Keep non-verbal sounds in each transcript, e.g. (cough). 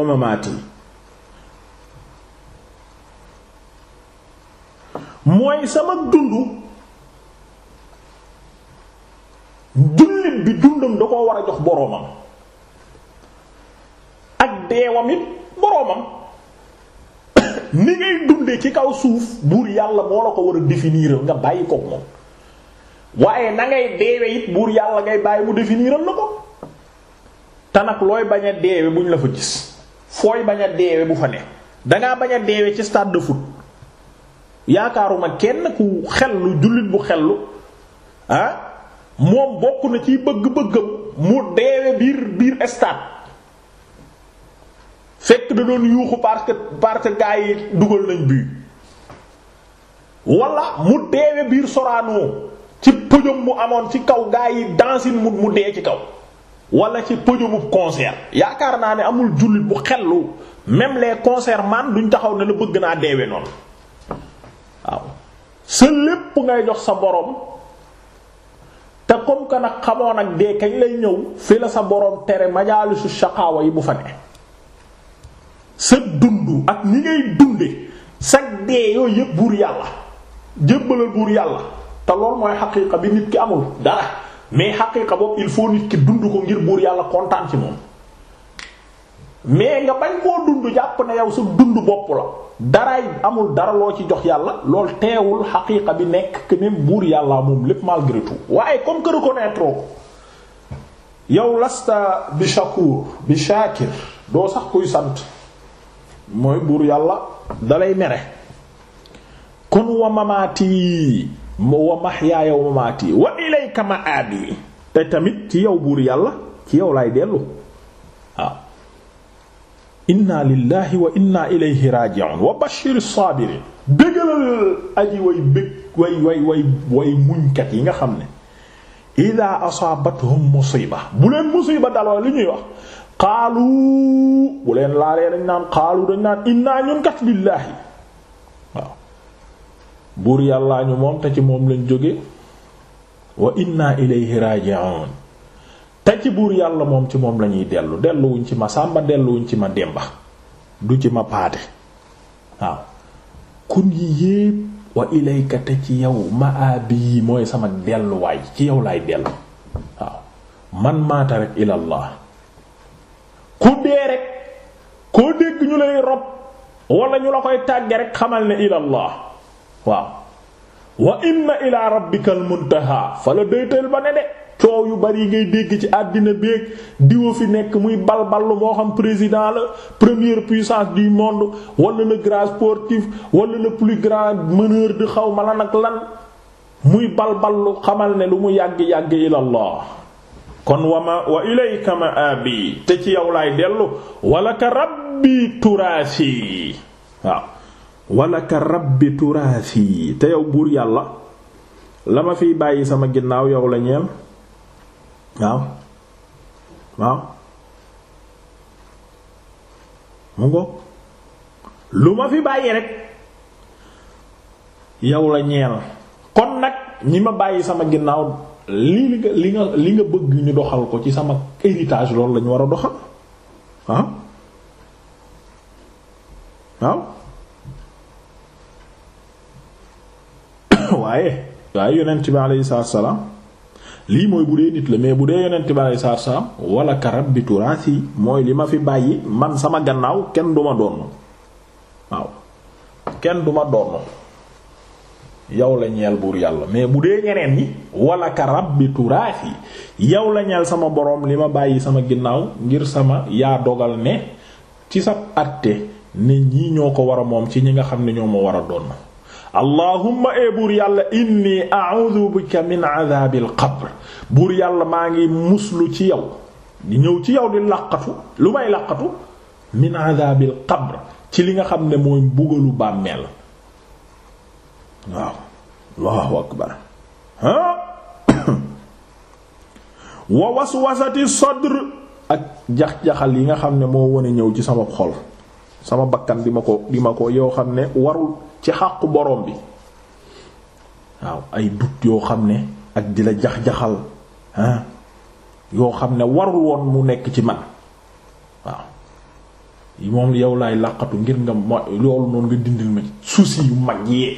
wa mamaati mooy sama dundu jullit bi dundam da koo war a jox boroomam ak deewam it boroomam ni ngay dunde ci kaw suuf buur yàlla moo la ko war a définir nga bàyyi ko moom waaye na ngay deewe it buur yàlla ngay bàyyi mu définiral la ko te looy bañ a deewe buñ la fa gis fooy bañ a deewe bu fa ne dangaa bañ a deewe ci stade de foot yaakaaruma kenn ku xellu jullit bu xellu ah moom bokk na ci bëgg-bëggam mu deewe biir biir stade fekk da doon yuuxu parce que parce que gaa yi dugal nañ bii wala mu deewe biir soraanoo ci pëjam mu amoon ci kaw gaa yi dansin mu mu dee ci kaw wala ci pëjumub concert yaakaar naa ne amul jullit bu xellu même les concerts man duñ taxaw ne la bëgg naa deewe noonu waaw sa lépp ngay jox sa boroom te kom ko nag xamoon ak dee kañ lay ñëw fi la sa boroom tere majaalisu shaqaawa yi bu fa ne sa dund ak ñi ngay dunde sa dee yooyu yépp buur yàlla jébbalal buur yàlla te lool mooy xaqiiqa bi nit ki amul dara mais xaqiiqa boobu il faut nit ki dund ko ngir buur yàlla kontaan ci moom mais nga bañ koo dund jàpp ne yow su dund bopp la daraay amul dara loo ci jox yàlla lool teewul xaqiiqa bi nekk que ne buur yàlla moom lépp malgré tout waaye comme que reconnaître ko yow lasta bi shakur bi shakir doo sax kuy sant mooy buur yàlla dalay mere kon wa wa mahyaaya wa mamaati wa ilayka te tamit ci yow buur yàlla ci yow lay dellu waaw inna lillahi wa inna ilayhi raaji'un wa bashiri saabiriin bégalal aji way bég way way way way muñkat yi nga xam ne idaa asaabathum musiiba bu leen musiiba daloo li ñuy wax qaalu bu leen laalee dañ naan qaalu dañ naan inna ñun kat lillaahi buur yàllaa ñu moom te ci moom lañ jóge wa inna ilayhi raji'un te ci buur yàlla moom ci moom lañuy dellu delluwuñ ci ma sàmba delluwuñ ci ma demba du ci ma paate waaw kun yi yépp wa ilayka te ci yow ma aabi yi mooy sama delluwaay ci yow laay dellu waaw man maata rek ilallah ku dee rek koo dégg ñu lay rob wala ñu la koy tàgge rek xamal ne ilallah waaw wa inna ila rabbikal muntaha fa la daytal ba ne de coow yu bari ngay dégg ci àddina beeg diwa fi nekk muy balballu moo xam président la première puissance du monde wala le grand sportif wala le plus grand meneur de xaw ma lan ak lan muy balballu xamal ne lu mu yàgg-yàgg ilallah kon wama wa ilayka ma abi te ci yow lay dellu wala ka rabbi turaasi waaw walaka rabbi turaasi te yow buur yàlla la ma fiy bàyyi sama ginnaaw yow la ñeel waaw waaw mu ngoog lu ma fi bàyyi rek yow la ñeel kon nag ñi ma bàyyi sama ginnaaw li li nga li nga li nga bëgg ñu doxal ko ci sama héritage loolu la war a doxal waaw waaw (laughs) waaye waaye yonent bi alayhi salaam lii mooy bu dee nit la mais bu dee yonent bi alayhi salaam wala bi rabbi turaasi mooy li ma fi bàyyi man sama gannaaw kenn du ma doon waaw kenn du ma yow la ñeel buur yàlla mais bu dee ñeneen ñi wala ka rabbi turaasi yow la ñeel sama boroom li ma bàyyi sama ginnaaw ngir sama yaa dogal ne ci sa àtte ne ñii ñoo ko war a moom ci ñi nga xam ne ñoo ma war a doon. allahumma ee eh, buur yàlla inni a'udhu bika min adhabil qabr buur yàlla maa ngi muslu ci yow di ñëw ci yow di laqatu lu may laqatu min adhabil qabr ci li nga xam ne mooy mbugalu bàmmeel waaw allahu akbar ah (coughs) wa ak jax-jaxal yi nga xam ne moo wone ñëw ci sama xol sama bakkan bi ma ko bi ma ko yoo xam ne warul ci xàqu borom bi waaw ay dut yoo xam ne ak di la jax-jaxal ah yoo xam ne warul mu nekk ci man waaw moom yow laay làqatu ngir nga ma loolu noonu nga dindil ma soucis yu mag yee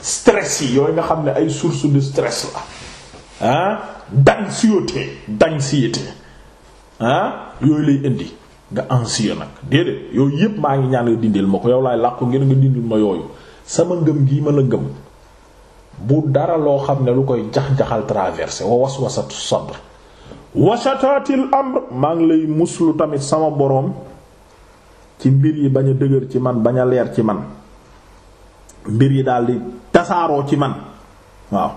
stress yi yooyu nga xam ne ay source de stress la ah d'anxiété d'anxiété ah yooyu lay indi nga anxieux nag déedéet yooyu yépp maa ngi ñaan nga dindil ma ko yow laay làqu ngir nga dindil ma yooyu sama ngëm gii ma la ngëm bu dara loo xam ne lu koy jax-jaxal traversé wa waswasatu sabr wa shataatil amr maa ngi lay muslu tamit sama boroom ci mbir yi bañ a dëgër ci man bañ a leer ci man mbir yi daldi tasaaroo ci man waaw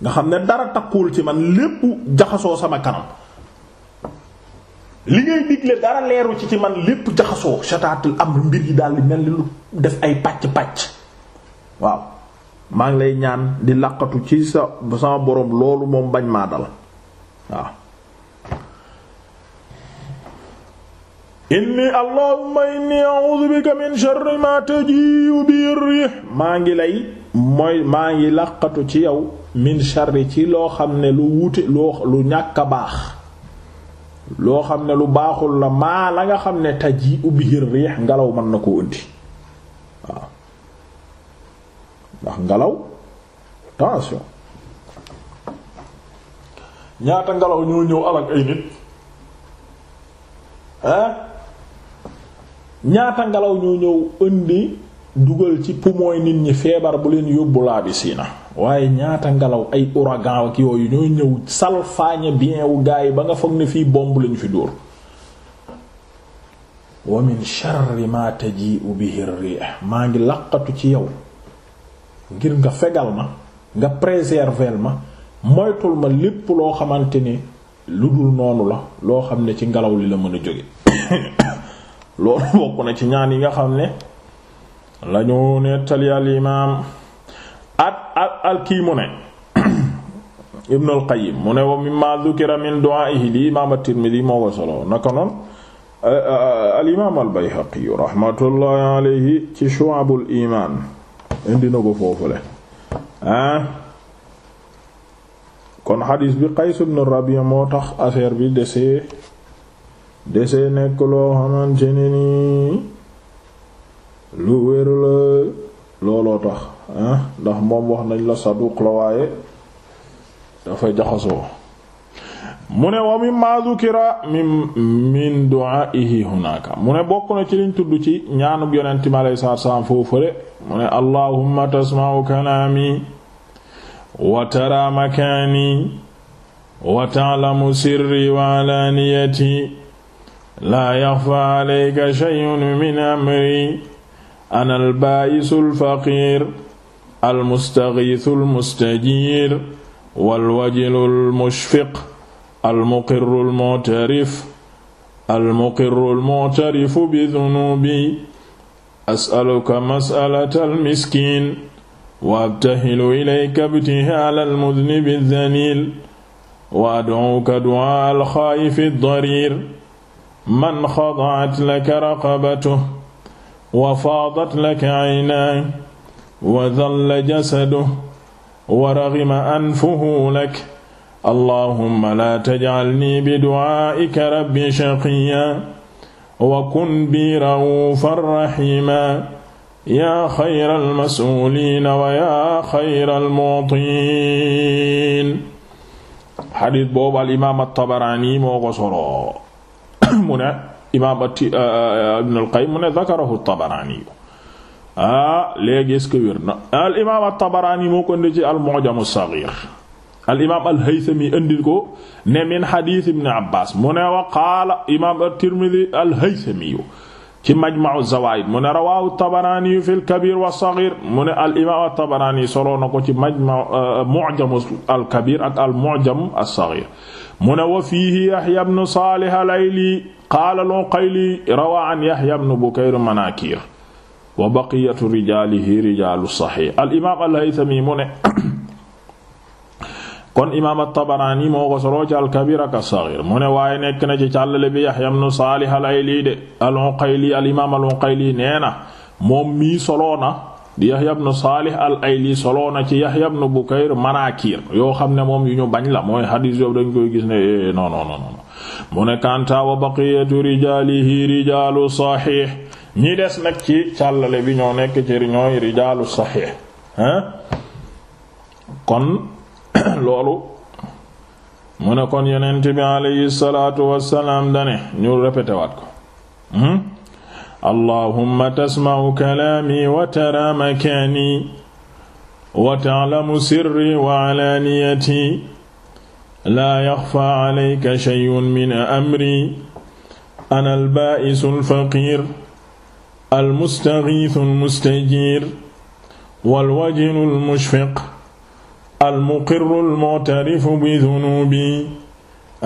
nga xam ne dara takkuwul ci man lépp jaxasoo sama kanam li ngay digle dara leeru ci ci man lépp jaxasoo shataatil amr mbir yi di mel ni lu def ay pàcc-pàcc waaw maa ngi lay ñaan di laqatu ci sa sama boroom loolu moom bañ maa dal waaw inni allahumma inni a'udhu bika min sharri ma taji'u bi rih maa ngi lay mooy maa ngi laqatu ci yow min sharri ci loo xam ne lu wuute lu ñàkk a baax loo xam ne lu baaxul la maa la nga xam ne taji'u bi rih ngelaw mën na koo indi ndax ngelaw tension ñaata ngelaw ñoo ñëw alak ay nit ah ñaata ngelaw ñoo ñëw indi dugal ci poumon nit ñi feebar bu leen yóbbu laa bi siina waaye ñaata ngelaw ay ouragan ak yooyu ñoo ñëw salfaañe bien wu gaa yi ba nga foog ni fii bomb lañu fi dóor wa min sharri ma taji'u bihi maa ngi laqatu ci yow ngir nga fegal ma nga préserver ma moytul ma lépp loo xamante ni lu dul noonu la loo xam ne ci ngelaw li la mën a jóge (coughs) loolu bokk na ci ñaan yi nga xam ne lañu nettali al imaam at al al kii mu ne (coughs) ibnu al qayyim mu ne wa mimma dhukira min du'a'ihi li imaam at-tirmidhi moo ko solo naka noonu al imaam al bayhaqi rahmatullahi ci shu'abul iman indi na ko foofule ah. kon xadis bi Qays ibn Rabi' moo tax affaire bi desee desee nekk loo xamante ne nii lu wér looloo tax ah ndax moom wax nañ la saduq la waaye dafa jaxasoo mu ne wa mimma dhukira min min du'a'ihi hunaka mu ne bokk na ci liñ tudd ci ñaanub yonente mi alayhi salaatu salaam foofale mu ne allahumma tasma'u kalaami wa tara makaani wa ta'lamu sirri wa alaaniyati laa yaxfa alayka shay'un min amri ana albaa'isu alfaqiir almustagiisu almustajiir walwajilu almushfiq almuqiru almutarif almuqiru almutarifu bi dunubi asaluka masalata almiskin wa abtahilu ilayka ibtihaala almudnibi aldaniil wa ad'uka du'aa alxaayifi aldariir man xada'at laka raqabatuhu wa faadat laka aynaahu wa dalla jasaduhu wa raghima anfuhu laka allahumma la taj'alni bi du'aa'ika rabbi shaqiyya wa kun bi ra'uufan rahiima yaa xayral mas'uuliina wa yaa xayral mu'tiin xadiis boobu al imaam at-Tabaraani moo ko soloo (coughs) mu ne imaam uh, uh, Ibn al-Qayyim mu ne zakarahu at-Tabaraani ah léegi est-ce que wér na al imaam at-Tabaraani moo ko indi ci al-Mu'jam as-Saxiir al imaam al haythami andil ko ne min hadith ibn abbas mu ne wa qaala imaam at-tirmidhi al haythami ci majma'u zawaid mu ne rawahu at-tabarani fi al-kabir wa as-saghir mu ne al imaam at-tabarani solo na ko ci majma' euh, mu'jam al-kabir ak al-mu'jam as-saghir mu ne wa fiihi yahya ibn salih al-ayli qaala al-uqayli rawa an yahya ibn bukayr manakir wa baqiyatu rijalihi rijalu sahih al imaam al haythami mu ne kon imaam at-Tabaraani moo ko soloo ci al-Kabiir ak saxiir mu ne waaye nekk na ci càllale bi Yaxya ibnu Saalih al-Ayli de al-Uqayli imaam al-Uqayli nee na moom mii soloo na di Yaxya ibnu Saalih al-Ayli soloo na ci Yaxya ibnu Bukayr manaakiir yoo xam ne moom yu ñu bañ mooy xadiis yoobu dañ koy gis ne eh, eh, non non non mu ne kanta baqiyatu rijaalihi rijaalu saxiix ñi des nag ci càllale bi ñoo nekk ci ñooy rijaalu saxiix hein (coughs) loolu mu ne kon yonent bi alayhi salaatu wassalaam dane ñu répété waat ko hmm? allahumma tasma'u kalaami wa tara makaani wa ta'lamu sirri wa alaaniyati laa yaxfaa alayka shay'un min amri ana albaa'isu alfaqiir almustagiisu almustajiir walwajinu almushfiq almuqirru almu'tarifu bi dunubi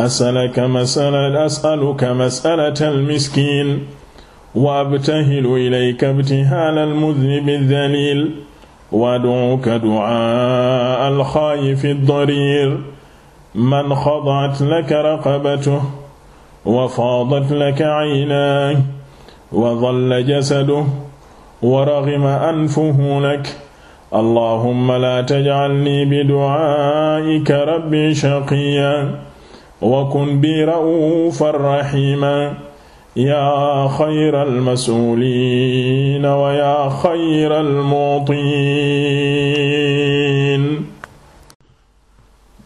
asalaka masala asaluka masalata almiskiin wa abtahilu ilayka ibtihaala almudnibi aldaliil wa ad'uuka du'aa alxaayifi addariir man xada'at laka raqabatuhu wa faadat laka aynaahu wa dalla jasaduhu wa raghima anfuhu laka allahumma la taj'alni bi du'aa'ika rabbi shaqiyya wa kun bi ra'uufan rahiima yaa xayral mas'uuliin wa yaa xayral mu'tiin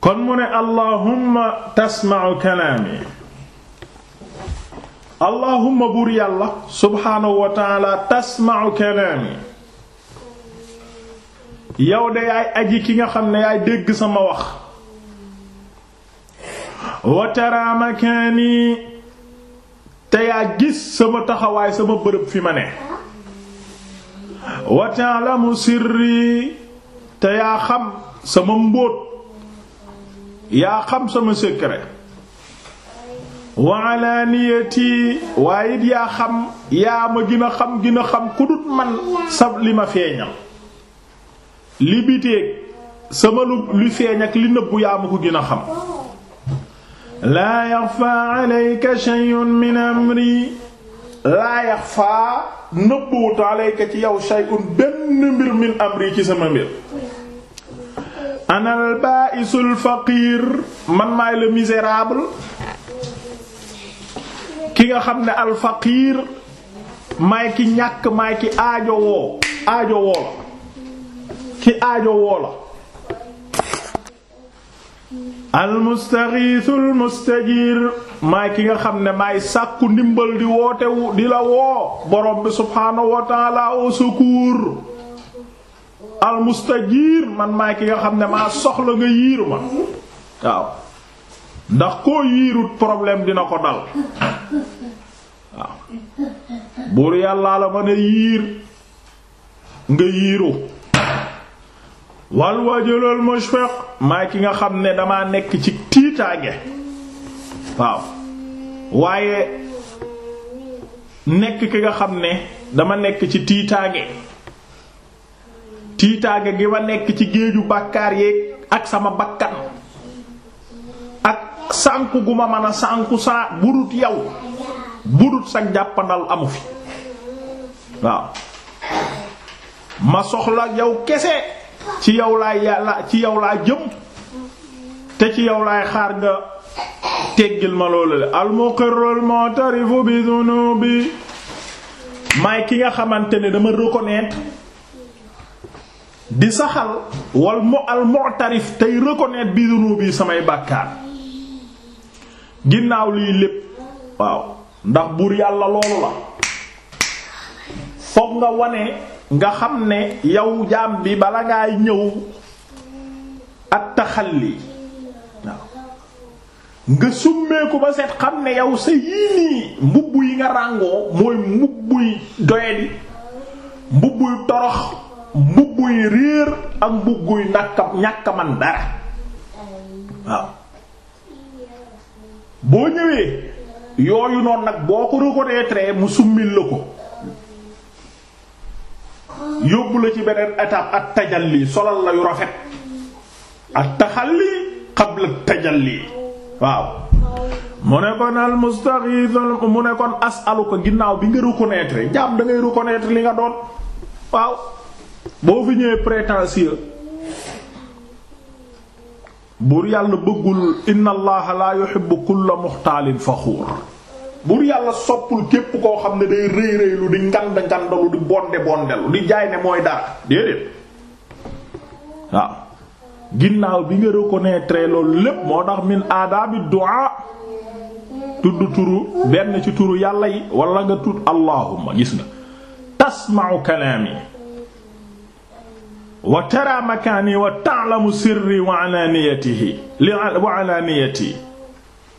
kon mu ne allahumma tasma'u kalaami allahumma buur yàlla subhaanahu wa ta'aala tasma'u kalaami yow de yaay aji ki nga xam ne yaay dégg sama wax watara makaani te yaa gis sama taxawaay sama bërëb fi ma ne wa ta'lamu sirri te yaa xam sama mbóot yaa xam sama secret wa waaye it yaa xam yaa ma gën a xam gin a xam ku dut man sab li ma feeñal li biteeg sama lu lu feeñ ak li nëbbu yaa ma ko gën a xam laa yaxfaa alayka shay'un min amri laa yaxfaa nëbbuwut alayka ci yow shay'un benn mbir min amri ci sama mbir anal ba'isul faqir man maay la misérable ki nga xam ne al faqir maay ki ñàkk maay ki aajowoo aajowoo la ci aajo woola almustaxiisul mustajiir maay ki nga xam ne maay sàkku ndimbal di woote di la woo borom bi subhaanahu wa taala au secours man maay ki nga xam ne maa soxla nga yiir ma waaw ndax koo yiirut problème dina ko dal waaw buur yàllaa la mën a yiir nga yiiru wal wajhul mushfiq maay ki nga xam ne dama nekk ci tiitaange waaw waaye nekk ki nga xam ne dama nekk ci tiitaange tiitaange gi ma nekk ci géeju bàkkaar yeeg ak sama bakkan ak sànku gu ma mën a sànku saa budut yow budut sa jàppandal amu fi waaw ma soxla yow kese ci yow laay yàlla ci yow laa jëm te ci yow laay xaar nga teggil ma loolu la al muqirrul mu'tarifu bi dhunubi maay ki nga xamante ne dama reconnaître di saxal wal mu bi dhunubi samay bàkkaar ginnaaw lii lépp waaw ndax buur yàlla loolu la foog nga wane nga xam ne yow jaam bi bala ngaa ñëw ak taxal waaw nga summeeku ba set xam ne yow sa yii nii mbubb yi nga ràngoo mooy mbubbuy doyadi mbubbuy torox mbubbuy réer ak mbubbuy nàkka ñàkka man dara boo ñëwee yooyu noon nag boo ko reconnaître mu summil la ko yóbbu la ci beneen étape at tajalli solal la yu rafet at taxalli qabla tajalli waaw mu ne kon al mustaghith mu ne kon ko ginnaaw bi nga reconnaître jaam da ngay reconnaître li nga doon waaw boo fi ñëwee prétentieux buur yàlla bëggul inna allaha la yuhibbu kulla muxtaalin faxuur buur yàlla soppul képp koo xam ne day rëy rëylu di nganda ngandalu di bonde bondelu di jaay ne mooy dara déedéet waaw ginnaaw bi nga reconnaître loolu lépp moo tax min aadaabi du'a tudd turu benn ci turu yàlla yi wala nga tudd allahumma gis nga tasma'u kalaami wa tara makaani wa ta'lamu sirri wa alaaniyatihi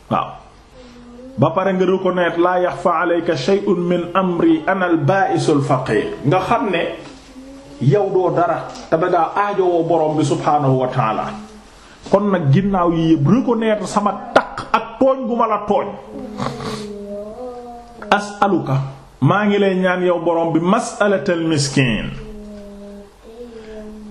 waaw ba pare nga reconnaître laa yaxfa alayka shay'un min amri ana al-baa'isul faqiir nga xam ne yow doo dara te aajo aajowoo borom bi subhaanahu wa taala kon nag ginnaaw yi yëpp reconnaître sama taq ak tooñ bu ma la tooñ asaluka maa ngi lay ñaan yow borom bi mas'alatal miskiin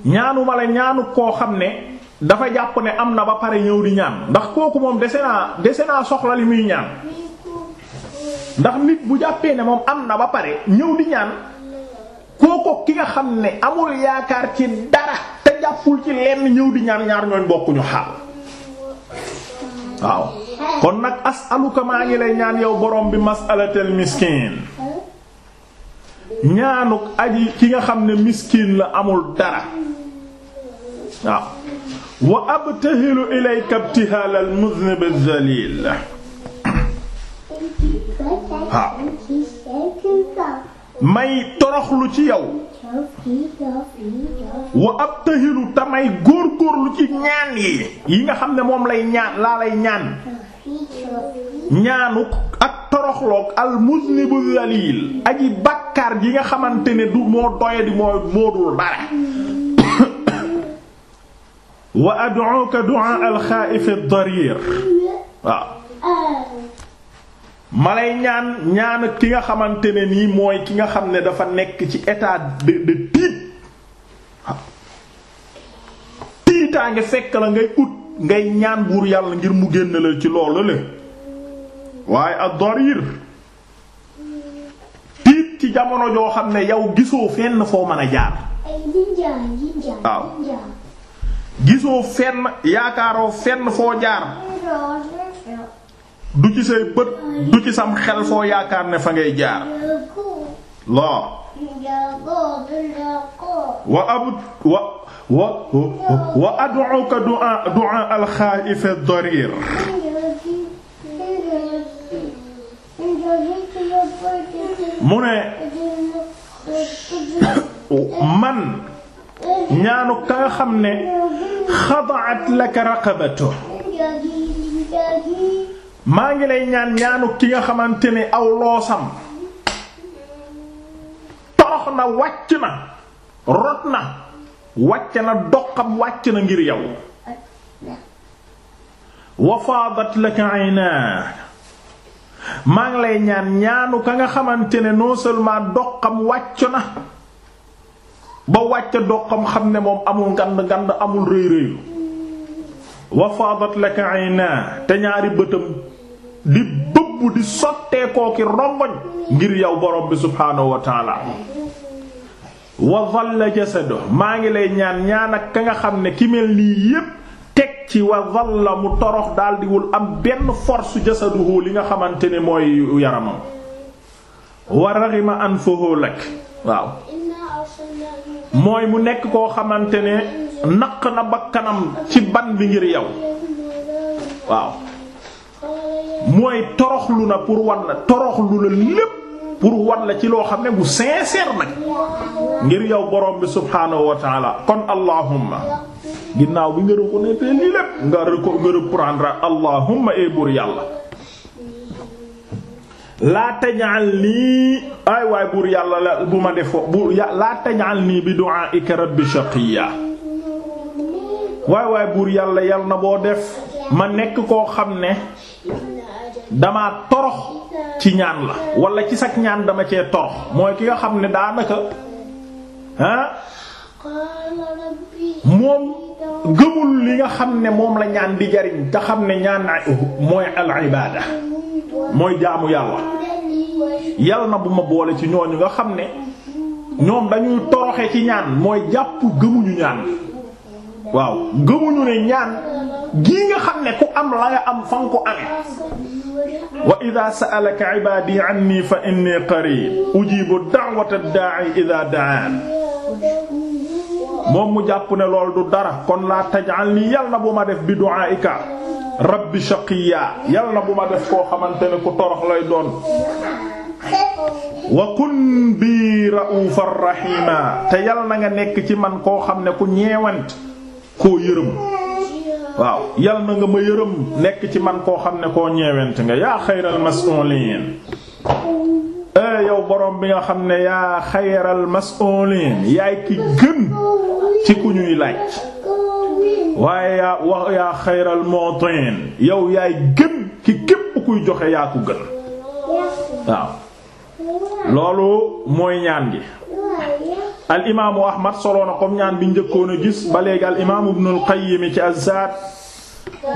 ñaanuma la ñaanu koo xam ne dafa jàpp ne am na ba pare ñëw di ñaan ndax kooku moom dese naa dese naa soxla muy ñaan ndax nit bu jàppee ne moom am na ba pare ñëw di ñaan kooku ki nga xam ne amul yaakaar ci dara te jàppul ci lenn ñëw di ñaan ñaar ñooñ bokkuñu xaal waaw kon nag as'aluka maa ngi lay ñaan yow borom bi mas'alatal miskin ñaanuk aji ki nga xam ne miskin la amul dara waaw wa abtahilu ilayka ibtihaal al al zaliil waaw may toroxlu ci yow wa abtahilu te may góorgóorlu ci ñaan yi yi nga xam ne moom lay ñaan laa lay ñaan ñaanuk ak toroxloog al muznibu zaliil aji bàkkaar ji nga xamante ne du moo doyadi moo moodul dara wa ad'uka du'a al-xaa'if ad waaw ma ñaan ñaan ki nga xamante ne nii mooy ki nga xam ne dafa nekk ci état de de tiit waaw tiitaange fekk la ngay ut ngay ñaan buur yàlla ngir mu génn la ci loolu la waaye ad-dariir tiit ci jamono joo xam ne yow gisoo fenn foo mën a jaar gisoo fenn yaakaaroo fenn foo jaar du ci say bët du ci sam xel foo yaakaar ne fa ngay jaar loo wa abu wa wa wa ad'uka du'a du'a al-kha'if ad-darir mu ne (coughs) man ñaanu ka nga xam ne xadaat laka raqabatu maa ngi lay ñaan ñaanu ki nga xamante ne aw loosam torox na wàcc na rot na wàcc na doqam wàcc na ngir yow wa laka aynaa maa ngi lay ñaan ñaanu ka nga xamante ne non seulement doqam wàcc na ba wàcc doqam xam ne moom amul ngand ngand amul rëy rëylu wa faadat laka ayna te ñaari bëtam di bëbb di sottee rongoñ ngir yow borom bi subhaanahu wa taala wa dhalla jasadu maa ngi lay ñaan ñaan ak ka nga xam ne ki mel nii yépp teg ci wa dhalla mu torox daldiwul am benn force jasaduhu li nga xamante ni mooy yaramam wa raghima anfuhu lak waaw mooy mu nekk koo xamante ne naq na bakkanam ci ban bi ngir yow waaw mooy toroxlu na pour wan la toroxlu la lépp pour wan la ci loo xam ne bu sincère nag ngir yow borom bi subhaanahu wa taala kon allahumma ginnaaw bi nga reconnaître lii lépp nga reprendre allahumma ee eh buur yàlla laa taj'al nii ay waay buur yàlla la bu ma defoo buur laa taj'al nii bi du'aa'ika rabbi shaqiyya waay waay buur yàlla yàlla na boo def ma nekk koo xam ne damaa torox ci ñaan la walla ci sak ñaan dama cee torox mooy ki nga xam ne daanaka ah moom gëmul li nga xam ne moom la ñaan di jariñ te xam ne ñaan mooy al mooy jaamu yàlla yàlla na bu ma boole ci ñooñu nga xam ne ñoom dañuy toroxe ci ñaan mooy jàpp gëmuñu ñaan waaw gëmuñu ne ñaan gi nga xam ne ku am la nga am fan ko amee wa ida sa'alaka ibaadi anni fa inni qarib ujibu da'wata ad-da'i ida da'an moom mu jàpp ne lool du dara kon laa taj'alni yal na bu ma def bi du'aika rabbi shaqiya yal na bu ma def koo xamante ne ku torox lay doon wa kun bi ra'ufan rahima te yal na nga nekk ci man koo xam ne ku ñeewant koo yërëm waaw yal na nga ma yërëm nekk ci man koo xam ne koo ñeewant nga yaa xayral mas'ulin ee eh, yow borom bi nga xam ne yaa xayral mas'uliin yaay ki gën ci ku ñuy laaj waaye yaa wax yaa xayral mu'tiin yow yaay gën ki képp kuy joxe yaa ku gën waaw loolu mooy ñaan gi al imaamu ahmad soloona comme ñaan bi njëkkoon a gis ba léegi al imaamu ibnul ci azzaad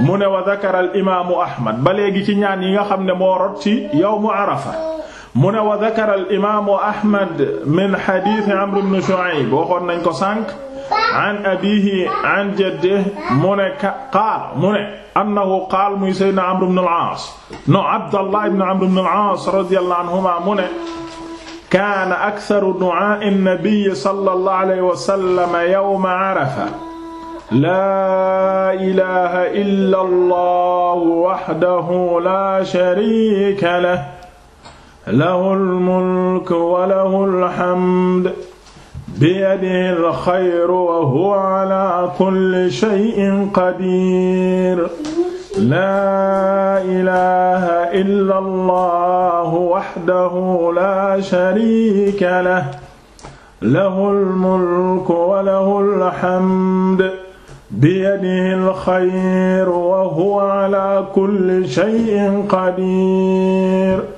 mu ne wa dakara al ahmad ba léegi ci ñaan yi nga xam ne moo rot ci yawmu arafa mu ne wa dakara al imaamu Ahmad min xadiisi Amr ibn Shu'ayb waxoon nañ ko sànq an abiihi an jaddihi mu ne qaala mu ne annahu qaala muy Seydina Amr ibn al-Aas no Abdallah ibn Amr ibn al-Aas radiyallahu anhuma mu ne kaana aktharu du'aa'i an-nabiyyi sallallahu alayhi wa sallam yawma Arafa laa ilaaha illa Allah wahdahu laa shariika lahu lahul mulk wa lahul hamd biyadihil xayru wa huwa ala kulli shay'in qadiir laa ilaaha illallahu wahdahu laa shariika lahu lahul mulku wa lahul hamdu biyadihil xayru wa huwa ala kulli shay'in qadiir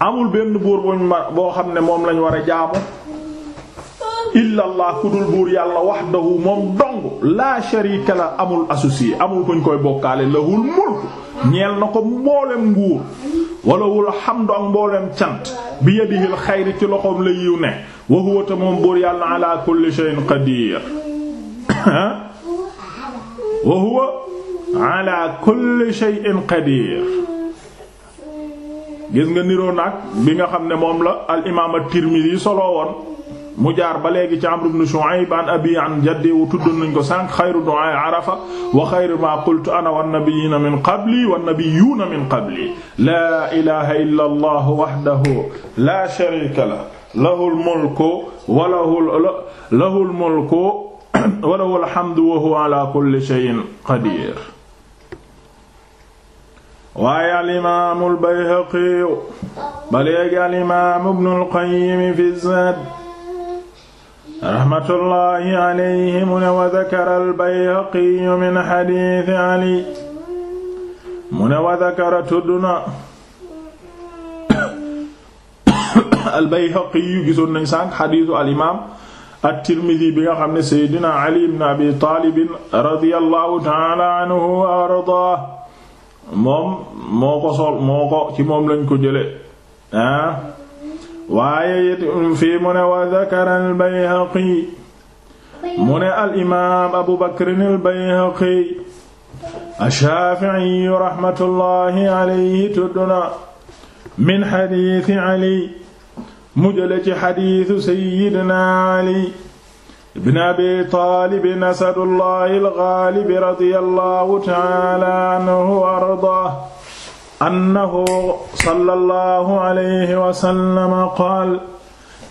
amul benn buur boo xam ne moom lañ war a jaamu illallah ku dul buur yàlla wahdahu moom dong la sharika la amul associé amul kuñ koy bokkaale lahul mulk ñeel na ko mboolem nguur wala wul hamdu ak mboolem cant bi yadihil xayri ci loxoom la yiw ne wa huwa ta buur yàlla ala kulli shay'in qadir (coughs) wa huwa ala kulli shay'in qadir gis nga niroo naag bi nga xam ne moom la al imaam at-Tirmidhi mu jaar ba léegi ci Amr ibn Shu'ayb an abi an jaddi wu tudd nañ ko sànq xayru du'a Arafa wa xayru ma qultu ana wan-nabiyyiina min qabli wan-nabiyyuuna min qabli laa ilaaha illa Allahu wahdahu laa shariika lahu lahul mulku wa lahul mulku wa lahul hamdu wa huwa ala kulli shay'in qadiir waaye alimaam albayhaqi ba léegi alimaam ibnu alqayim fi zaad raxmatullahi alayhi mu ne wa dakara albayhaqi min xadiisi ali mu ne wa dakara tudd na albayhaqi yu gisoon nañ sànq xadiisu alimaam at-Tirmidi bi nga xam ne seydina ali ibn abi taalib radiyallahu taala anhu wa ardaa moom moo ko sol moo ko ci moom lañ ko jële ah waaye it fii mu ne wa dakara al-Bayhaqi mu ne al imaam Abu Bakr al-Bayhaqi ash-Shafi'i rahmatullahi alayhi tudduna min xadiisi Ali mu jële ci xadiisu sayyidina Ali ibn abi taalib asadullahi alxaalib radiyallahu taala anhu wa ardaah annahu sallallahu alayhi wa sallam qaal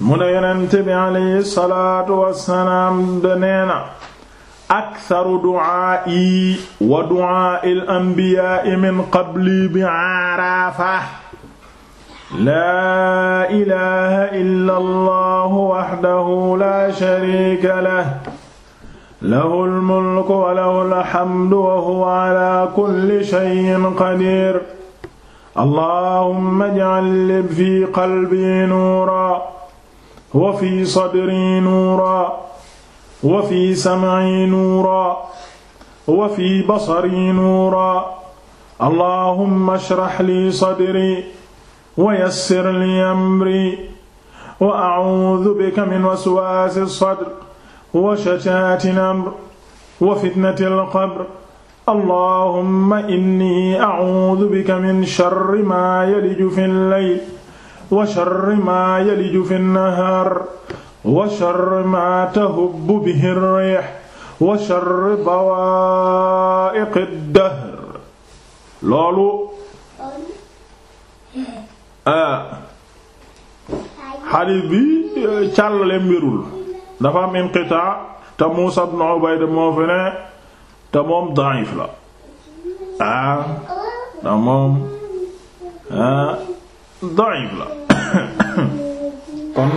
mu ne yonent bi alayhi salaatu wassalaam de neena aksaru du'aa'i wa du'aa'il anbiyaa'i min qabli bi aarafa laa ilaha illa allahu waxdahu la sharika lah lahu lmulku wa lahu lhamdu wa huwa ala kulli shay'in qadir allahumma ij'al fi qalbi nuura wa fi sadri nuura wa fi sam'i nuura wa fi basari nuura allahumma ishrah li sadri wa yassir li amri wa a'uudu bika min waswaasi sadr wa shataati amr wa fitnati alqabr allahumma inni a'uudu bika min sharri maa yaliju fi layl wa sharri maa yaliju fi nahaar wa sharri maa tahubbu bihi riix wa sharri bawaa'iqi dahr loolu xadiis ah. bi euh, càllaleem mbirul dafa am inqitaa te Muusaa ibn Ubayda moo fi ne te moom da'if la ah. te moom ah la (coughs) kon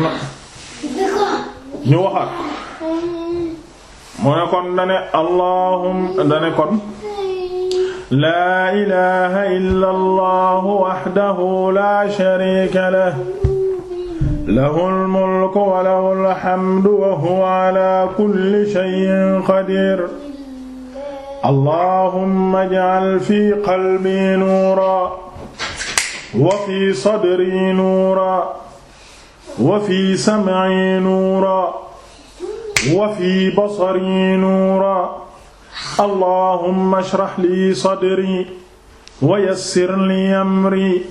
ñu waxaat mu ne kon dane allahum dane kon laa ilaha illa allahu waxdahu laa sharika lah lahul mulku wa lahul hamdu wa huwa ala kulli shay'in qadir allahumma ij'al fi qalbi nuura wa fi sadri nuura wa fi sam'i nuura wa fi basari nuura allahumma shrah li sadri wa yassir li amri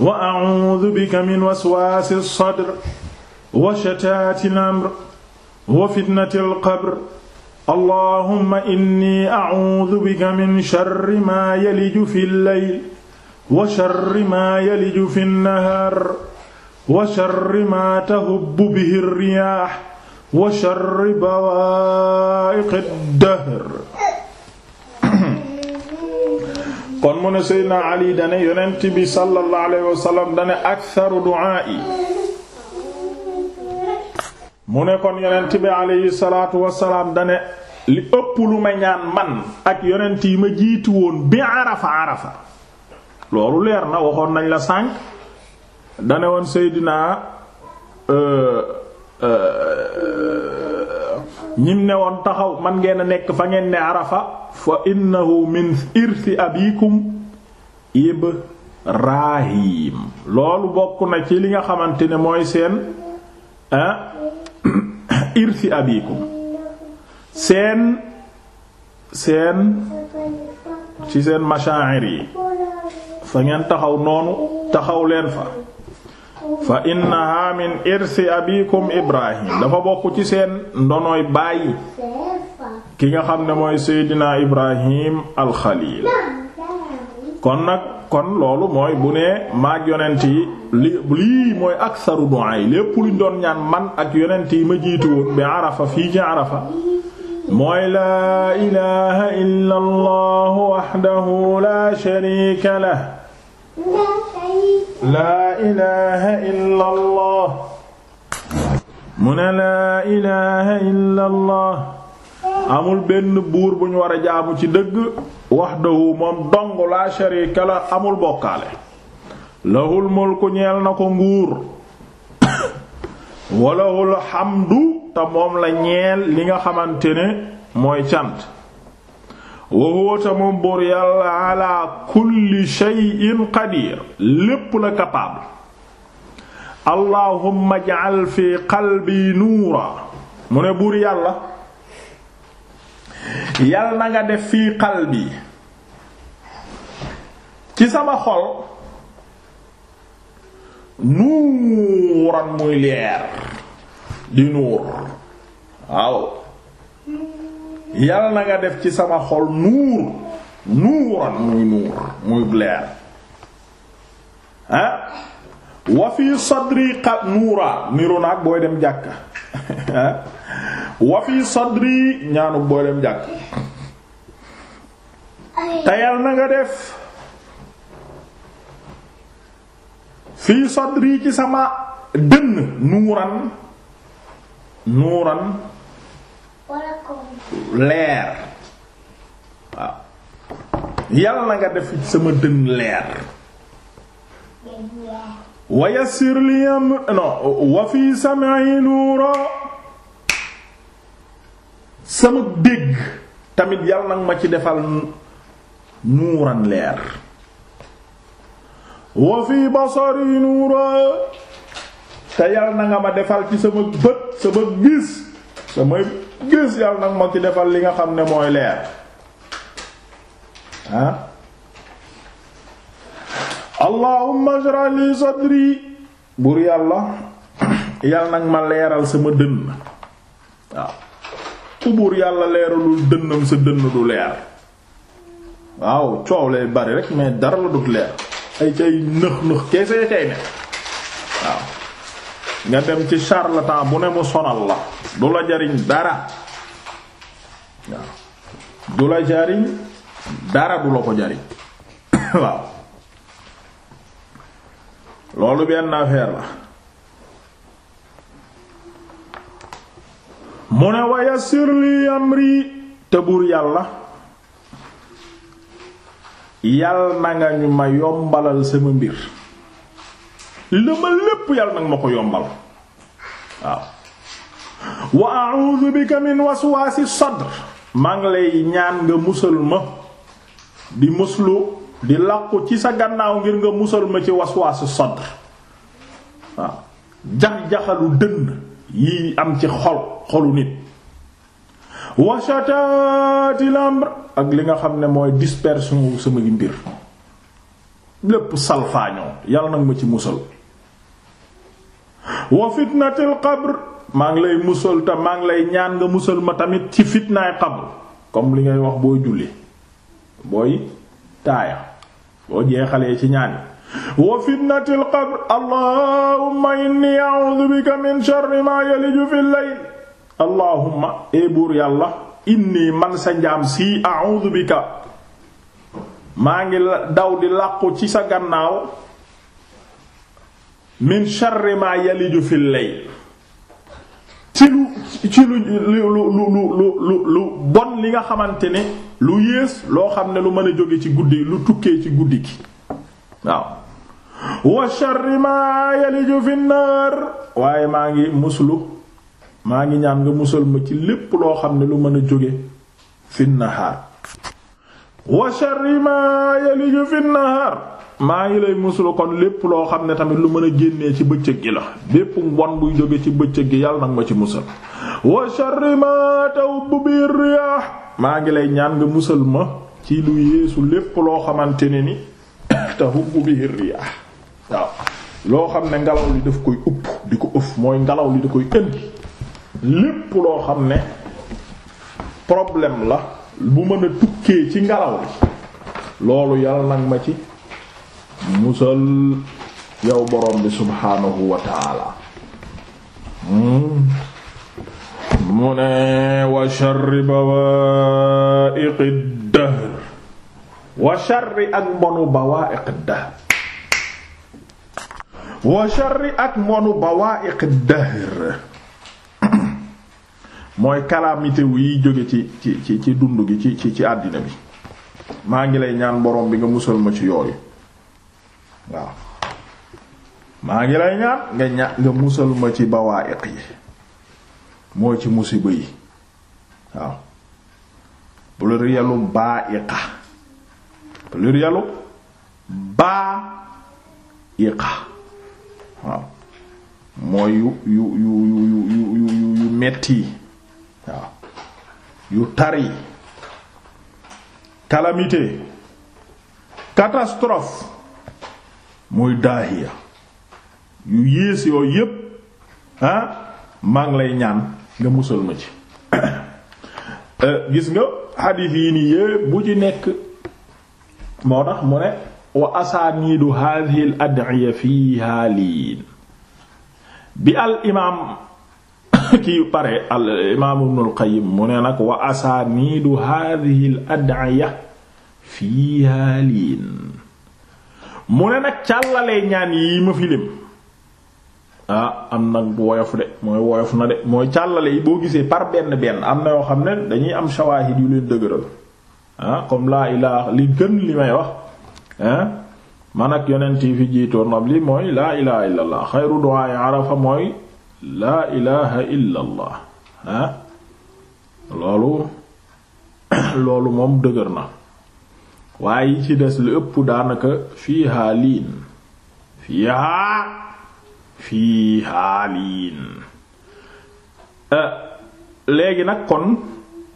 wa a'udhu bika min waswasi as-sadr wa shatati al-amr wa fitnati al-qabr allahumma inni a'udhu bika min sharri ma yaliju fi al-layl wa sharri ma yaliju fi an-nahar wa sharri ma tahubbu bihi ar-riyah wa sharri bawa'iq ad-dahr kon mu ne Seydina Ali dane yonent bi sallallahu alayhi wa sallam dane aktharu du'aa'i mu ne kon yonent bi alayhi salaatu wasalaam dane li ëpp lu ma ñaan man ak yonent yi ma jiitu woon bi arafa arafa loolu leer na waxoon nañ la sànk dane woon Seydina euh, euh ñim ne woon taxaw man ngeen a nekk fa ngeen ne arafa fa innahu min irsi abikum ibrahim loolu bokk na ci li nga xamante ne mooy seen ah, (coughs) irsi abikum seen seen ci seen mashaa'ir yi fa ngeen taxaw noonu taxaw leen fa fa innaha min irsi abikum ibrahim dafa bokk ci seen ndonoy bàyyi ki nga xam ne mooy seydina ibrahim alxaliil kon nag kon loolu mooy bu ne maag yonent lii mooy aksaru du'a yi lépp luñ doon ñaan man ak yonent yi ma jiitu woon bi arafa fii ci arafa mooy laa ilaha illa allah wahdahu la sharika lahu mu ne laa ilaha illa amul benn buur bu ñu war a jaamu ci dëgg wahdahu moom dong laa sharika la amul bokkaale lahul mulku ñeel na ko nguur (coughs) walahul hamdu te moom la ñeel li nga xamante ne mooy cant wa huwa ta moom buur yàlla ala kulli shay'in qadir lépp la capable fi qalbi nuura mu ne buur yàlla yàlla na nga def fii qalbi ci sama xol nuuran muy leer di nuur waaw yàlla na nga def ci sama xol nuur nuuran muy nuur muy leer ah fi sadri xa nuuraa niru naag booy dem jàkka ah? wa fi sadri ñaanu booy dem jàkk te yàlla na nga def fii sadri ci sama dënn nuuran nuuran leer waaw na nga def sama dën leer wa yassir li wa fi sam'i nuura sama dégg tamit yàlla nag ma ci defal nuuran leer wa fi basari nuura te yàlla na nga ma defal ci sama bët sama gis samay gis yàlla nag ma ci defal li nga xam ne mooy leer ah allahumma ishrah buur yàlla yàlla nag ma leeral sama dënn waaw ku buur yàlla leeralul dënnam sa dënn du leer waaw coow lay bari rek mais dara la dut leer ay cay nëx nëx keesee cay ne waaw nga dem ci charlatan bu ne mu sonal la du la jariñ dara waaw du la jariñ dara du la ko jariñ (coughs) waaw loolu benn affaire la mu ne wa yassir li te buur yàlla yàlla na nga ñu ma yombalal sama mbir li ma lépp yàlla na nga ko yombal waaw wa a'udhu bika min waswaasi sadr maa ngi lay ñaan nga musal ma di muslu di làqu ci sa gannaaw ngir nga musal ma ci waswaasi sadr waaw jax-jaxalu dënn yi am ci xol xolu nit wa shataati ak li nga xam ne mooy dispersion wu mbir lépp salfaañoo yàlla nag ma ci musal wa fitnatil qabr maa ngi lay musal te maa ngi lay ñaan nga musal ma tamit ci fitnaay xabru comme li ngay wax boo julli booy taaya boo jeexalee ci ñaan yi wa fitnatil qabr allahumma inni a'udhu min sharri ma yaliju fil layl allahumma ee eh buur yàlla inni man sa njaam si a'udhu maa ngi daw di làqu ci sa gannaaw min sharri ma yaliju fil layl ci lu ci lu lu lu lu lu bon li nga xamante ne lu yées loo xam ne lu mën a jóge ci guddi lu tukkee ci guddi gi waaw wa sharri ma yaliju waaye maa ngi muslu maa ngi ñaan nga musal ma ci lépp loo xam ne lu mën a jóge fi nahaar wa sharri ma maa ngi lay musulu kon lépp loo xam ne tamit lu mën a génnee ci bëccëg gi la bépp won buy jóge ci bëccëg gi yàlla nag ma ci musal wa sharri ma taw bu biir riyah maa ngi lay ñaan nga musal ma ci lu yéesu lépp loo xamante ne ni (coughs) taxu bu biir riyah waaw loo xam ne ngelaw li daf koy upp di ko ëf mooy ngelaw li da koy indi lépp loo xam ne problème la bu mën a tukkee ci ngelaw li loolu yàlla nag ma ci musal yow borom bi subhaanahu wa mu ne wa sharri bawaa'iqi dahr wa sharri ak mbonu bawaa'iqi dahr wa sharri mooy calamité wu jóge ci ci ci dund gi ci ci ci àddina bi maa ngi lay ñaan borom bi nga musal ma ci yooyu waaw maa ngi lay ñaan nga ña- nga musal ma ci bawaaiq yi moo ci musiba yi waaw plurielu baaiqa plurielu baaiqa waaw mooy yu yu yu yu yu yu yu metti yi waaw yu tar yi calamité muy daahiya yu yées yooyu yépp ah maa ngi lay ñaan nga musal ma ci (coughs) euh, gis nga xadiis yi nii yépp bu ci nekk moo tax mu ne wa asaaniidu hadhihi al ad'iya fiha liin bi al imaam (coughs) pare al imaam ibnul mu ne nag wa asaaniidu hadhihi al ad'iya fiha liin mu ne nag càllalee ñaan yi ma filim ah am nag bu woyof de mooy woyof na de mooy càllale yi boo gisee par benn benn am na yoo xam ne dañuy am shawahid yu leen dëgëral ah comme laa ilaha li gën li may wax ah man ak li mooy laa ilaha illa allah arafa mooy laa ilaha illa ah. loolu (coughs) loolu moom dëgër na waaye yi ci des lu ëpp daanaka fiihaa liin fiihaa fiihaa euh, léegi nag kon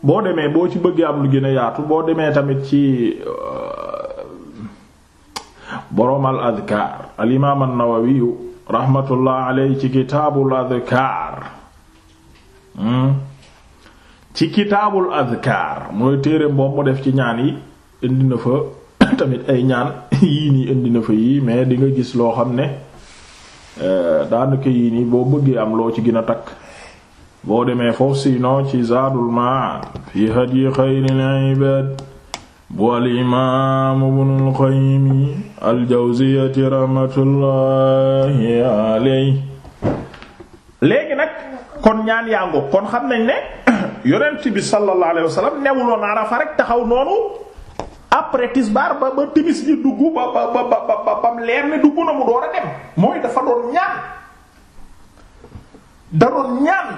boo demee boo ci bëggee ab lu gën a yaatu boo demee tamit ci euh, boroom al adkaar al imaam an ci kitaabul adkaar hmm? ci kitaabul adkaar mooy téere boobu mu def ci ñaan yi indi na fa (coughs) tamit ay ñaan (coughs) yii nii indi na fa yii mais di nga gis loo xam ne euh, daanaka yii nii boo bëggee am loo ci gën a takk boo demee foofu sinon ci zaadul maa fi hadyi xayril ibaad bu al imaam ibnul qayyim al jawziyati rahmatullahi alayhi léegi nag kon ñaan yango kon xam nañ ne (coughs) yonent bi sallallahu alayhi wasallam newuloon arafa rek taxaw noonu après tisbaar ba ba timis ji dugg ba ba ba ba mu leer ne dugg na mu door a dem mooy dafa doon ñaan da doon ñaan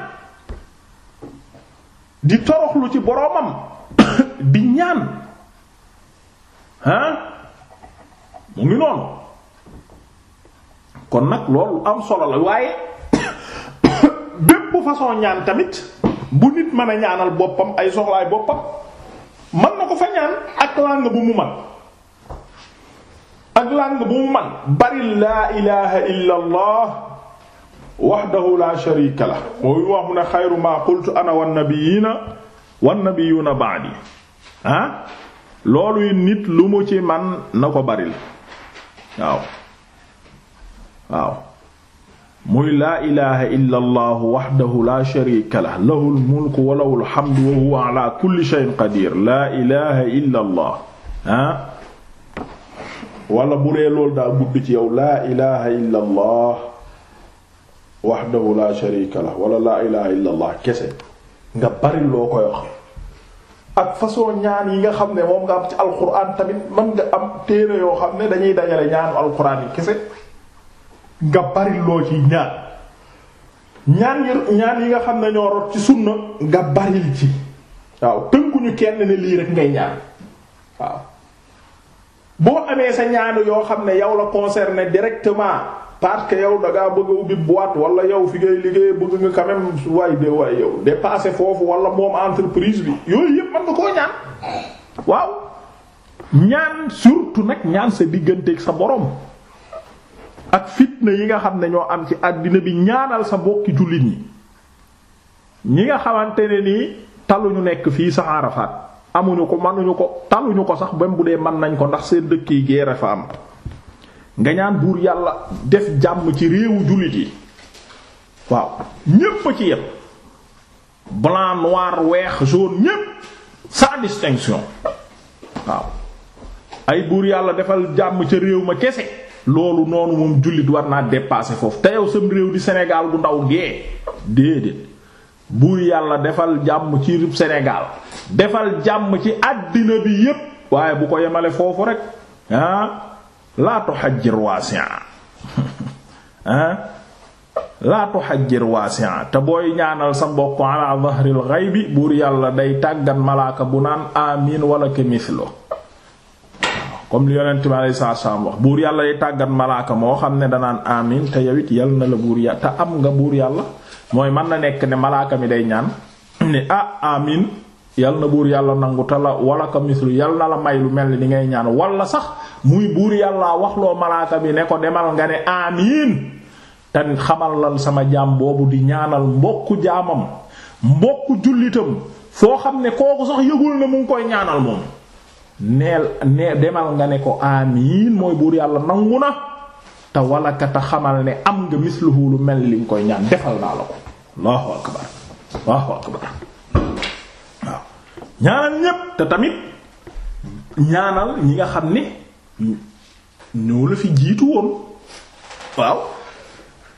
di toroxlu ci boroomam (coughs) di ñaan ah mu ngi noonu kon nag loolu am solo la waaye (coughs) bépp façon ñaan tamit bu nit mën a ñaanal boppam ay soxlaay boppam. man na ko fa ñaan ak langue bu mu man ak langue bu mu man bari laa ilaha illa allah wahdahu la sharika la mooy wax mu ne xayru ma qultu ana wannabiyina wannabiyuna ba'di ah loolu nit lu mu ci man na ko baril waaw waaw muy laa ilaha illa allahu la sharika lah lahu lmulku wa lahu lhamdu wa huwa ah? loolu daa gudd ci yow laa la sharika lah wala laa ilaha illa allah kese nga bari loo koy wax ak façon ñaan yi nga xam ne moom nga am ci alquran tamit mën nga am téere yoo xam ne dañuy dajale ñaanu alquran yi kese nga bari loo ci ñaan ñaan yi ñaan yi nga xam ne ñoo ci sunna nga baril ci waaw tënkuñu kenn ni lii rek ngay ñaan waaw boo amee sa ñaanu yoo xam ne yow la concerné directement parce que yow da ngaa bëgg ubbi boîte wala yow fi ngay liggéey bëgg nga quand même waay de waay yow dépasser foofu wala moom entreprise bi yooyu yëpp mën nga koo ñaan waaw ñaan surtout nag ñaan sa digganteeg sa borom ak fitna yi nga xam ne ñoo am ci àddina bi ñaanal sa bokki jullit ñi ñi nga xamante ne nii taluñu nekk fii sax Arafat amuñu ko mënuñu ko taluñu ko sax même bu dee mën nañ ko ndax seen dëkk yi guerre fa am nga ñaan buur yàlla def jàmm ci réewu jullit yi waaw ñépp ci yem blanc noir weex jaune ñépp sans distinction waaw ay buur yàlla defal jàmm ca réew ma kese loolu noonu moom jullit war naa dépasser foofu te yow sam réew di Sénégal bu ndaw gee déedéet buur yàlla defal jàmm ci rib Sénégal defal jàmm ci àddina bi yépp waaye bu ko yemale foofu rek ah laa tuhajjir wasi'a (laughs) ah laa te booy ñaanal sa mbokk ala dhahril ghaibi buur yàlla day tàggat malaaka bu naan amin wala ke comme li yonent bi alayhi salaam wax buur yàlla day tàggat malaaka moo xam ne danaan amin te yow it na la buur yàlla te am buur yàlla mooy mën na nekk ne malaaka mi day ñaan ne ah na buur yàlla nangu te la wala ka mislu yal la may lu mel ni li ngay ñaan wala sax muy buur yàlla waxloo malaaka bi ne ko demal nga ne amin te xamal sama jaam boobu di ñaanal mbokku jaamam mbokku jullitam foo xam ne kooku sax yëgul ne mu koy ñaanal moom. neel ne demal nga ne ko amiin mooy buur yàlla nangu na te walaka te xamal ne am nga misluhu lu mel li nga koy ñaan defal naa la ko allahu akbar allahu akbar waaw ñaanal ñépp te tamit ñaanal ñi nga xam ne ñoo la fi jiitu woon waaw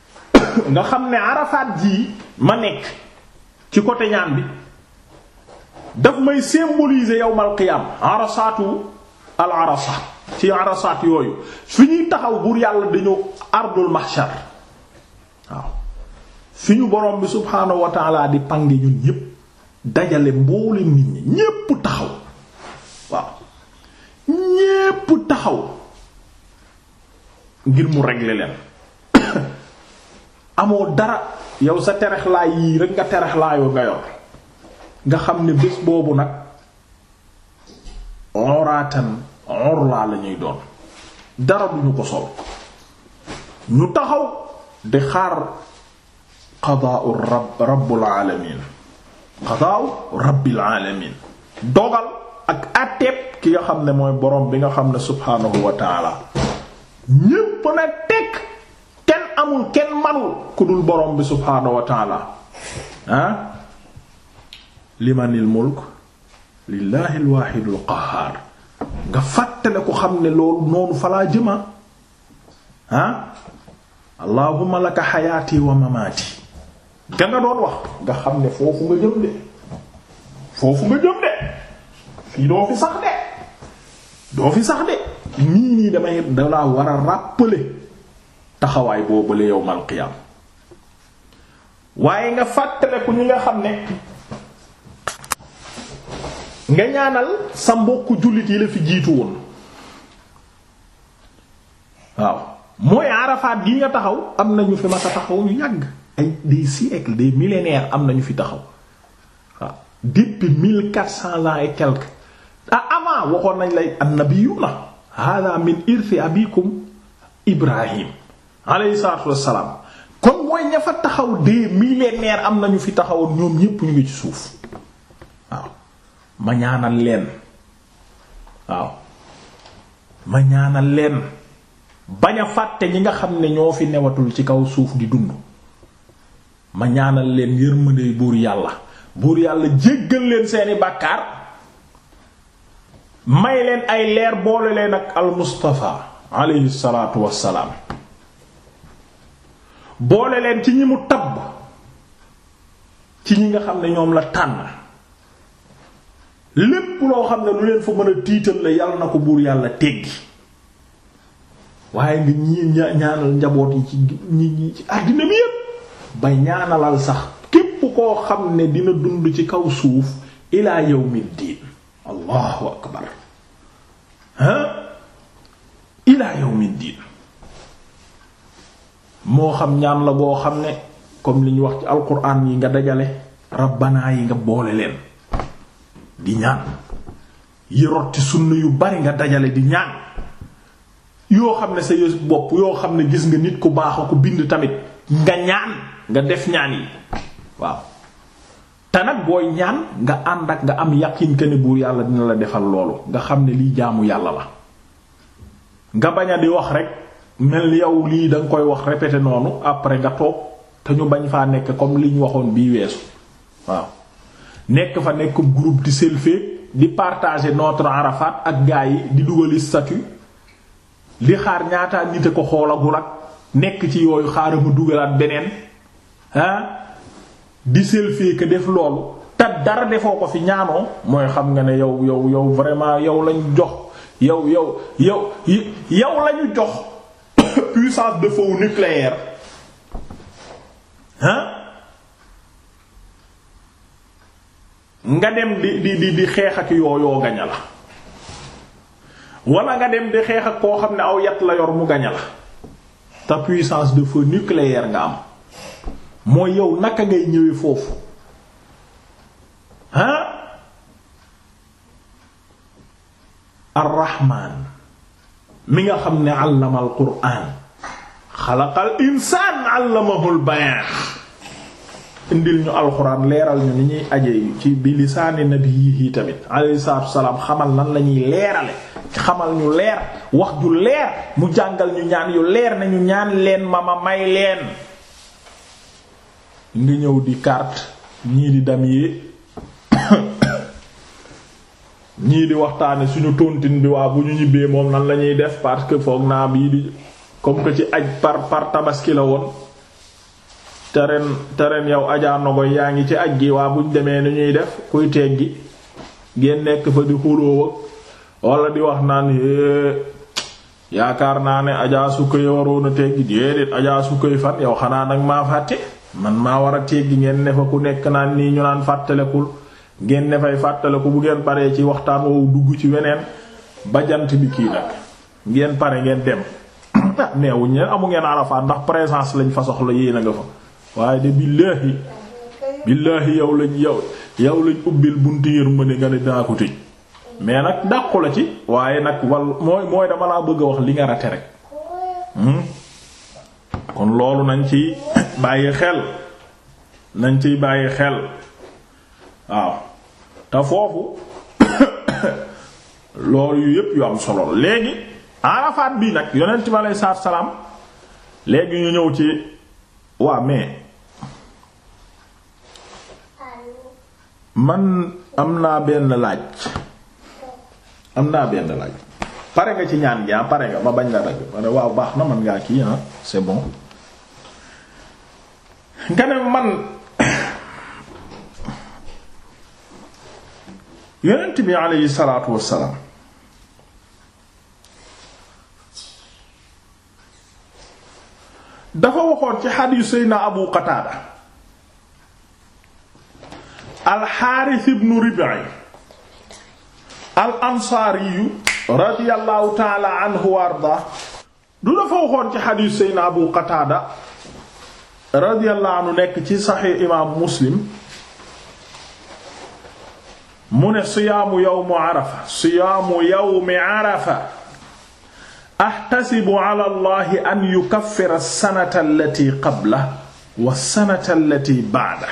(coughs) nga xam ne arafaat ji ma nekk ci côté ñaan bi daf may symboliser yow qiyaam arasaatu al arasa ci arasaat yooyu fi ñuy taxaw buur yàlla dañu ardul mahshar waaw fi ñu borom bi subhaanahu wa taala di pange ñun ñépp dajale mboole nit ñi ñépp taxaw waaw ñépp taxaw ngir mu régler leen (coughs) amoo dara yow sa terexlaay yii rek nga terexlaayoo nga yor nga xam ne bés boobu nag oraatan orlaa la ñuy doon dara duñu ko sol ñu taxaw di xaar qadaa'u rabb rabbul alamin qadaa'u rabbil alamin dogal ak àtteeb ki nga xam ne mooy borom bi nga xam ne subhaanahu wa taala ñépp na tekk kenn amul kenn manul ku dul borom bi subhaanahu wa taala ah? limanil mulk lillahi alwahidul qahhar nga fàttale ko xam ne loolu noonu falaa jëma ah allahumma laka xayaati wa mamaati ga doon wax nga xam ne foofu nga jëm de foofu fii doo fi sax de doo fi sax de nii nii damay dalaa war a rappeler taxawaay boobu la yawmal qiyaam waaye nga fàttale ku ñi nga xam ne nga ñaanal sa mbokku jullit yi la fi jiitu woon waaw mooy arafaat gi nga taxaw am na ñu fi mas a taxaw ñu yàgg ay des am na ñu fi taxaw waaw depuis mille quatre cents et quelques ah avant waxoon nañ lay annabiyuna hada min irthi abikum ibrahim alayhi salaatu kon mooy ña fa taxaw des millénaires am na ñu fi taxawoon ñoom ñépp ñu ngi ci suuf ma leen waaw ma leen bañ a fàtte ñi nga xam ne ñoo fi newatul ci kaw suuf di dund ma ñaanal leen yërmande buur yàlla buur yàlla jéggal leen seeni bàkkaar may leen ay leer boole leen ak al Mustafa alayhi salaatu wassalaam boole leen ci ñi mu tabb ci ñi nga xam ne ñoom la tànn lépp loo xam ne lu leen fa mën a tiital la yàlla na ko buur yàlla teggi waaye nga ñaanal njaboot yi ci ñi ci àddina bi yépp ba ñaanalal sax képp koo xam ne dina dund ci kaw suuf ilaa yawmiddiin allahu akbar ha ilaa yawmiddiin moo xam ñaan la boo xam ne comme li ñu wax ci alquran yi nga dajale rabbanaa yi nga boole leen di ñaan yi rotti sunna yu bari nga dajale di ñaan yoo xam ne sa yës bopp yoo xam ne gis nga nit ku baax ko bind tamit nga ñaan nga def ñaan yi waaw te nag booy ñaan nga ànd ak nga am yaqin que ne buur yàlla dina la defal loolu nga xam ne lii jaamu yàlla la nga bañ a di wax rek mel yow lii danga koy wax répété noonu après nga toog te ñu bañ faa nekk comme liñ waxoon bii weesu waaw nekk fa nekk groupe di selfie di partager notre Arafat ak gaa yi di dugali statut di xaar ñaata nit a ko xoolagul ak nekk ci yooyu xaaral mu dugalaat beneen ah di selfie que def loolu te dara defoo ko fi ñaanoo mooy xam nga ne yow yow yow vraiment yow lañu jox yow yow yow lañu jox (coughs) puissance de feu nucléaire ah. nga dem di di di di xeex ak yooyoo gaña la wala nga dem di xeex ak koo xam ne aw yat la yor mu gaña la ta puissance de feu nucléaire nga am mooy yow naka ngay ñëwee foofu ah arrahman mi nga xam ne allama al qur'an xalaqal insaan allamahu bayaan indil ñu alxuraan leeral ñu ni ñuy aje ci bi lisaani nabiyihi tamit alayhi salaatu wassalaam xamal nan lañuy ñuy leerale xamal ñu leer wax ju leer mu jàngal ñu ñaan yu leer na ñu ñaan leen ma ma may leen nga ñëw di carte ñii di damyee (coughs) ñii di waxtaane suñu tontine bi bu ñu ñibbee moom nan la ñuy def parce que foog naa bii di comme que ci aj par par tabaski la woon te ren te ren yow Adja yaa ngi ci aj gi waa buñ demee ni ñuy def kuy teggi ngeen nekk fa di xuloo wala di wax naan yaakaar naa ne Adja Sukkay waroon a teggi déedéet Adja Sukkay fan yow xanaa nag maa fàtte man maa war a teggi ngeen ne fa ku nekk naan nii ñu naan fàttalekul ngeen ne fay fàttaleku bu ngeen paree ci waxtaan woowu dugg ci weneen ba jant bi kii nag ngeen pare ngeen dem (coughs) neewuñ leen amu ngeen Arafat ndax présence lañ fa soxla waaye de billaahi billaahi yow lañ yow yow lañ ubbil buntu yërmande nga ne daa ko tëj mais nag dàqu la ci waaye nag wal mooy mooy dama laa bëgg a wax li nga rate rek hmm? kon loolu nañ ci (coughs) bàyyi xel nañ ciy bàyyi xel waaw te foofu (coughs) lool yu yépp yu am solo léegi arafaat bii nag yonent bi aleyhi salaam léegi ñu ñëw ci waa mais man am naa benn laaj am naa benn laaj pare nga ci ñaan gi ah pare nga ma bañ la dagg ma ne waaw baax na man ngaa kii ah c'est bon nga ne man (coughs) yonent bi alayhi salaatu wassalaam dafa ci xadiis Seydina Abu Qataada alxaaris du dafa waxoon ci xadiis Seydina Abu Qataada radiyallahu nekk ci saxiix imaamu Muslim mu ne siyaamu yawmu Arafa siyaamu yawmi Arafa ahtasibu ala an yukaffira sanata allati qabla wa sanata allati ba'da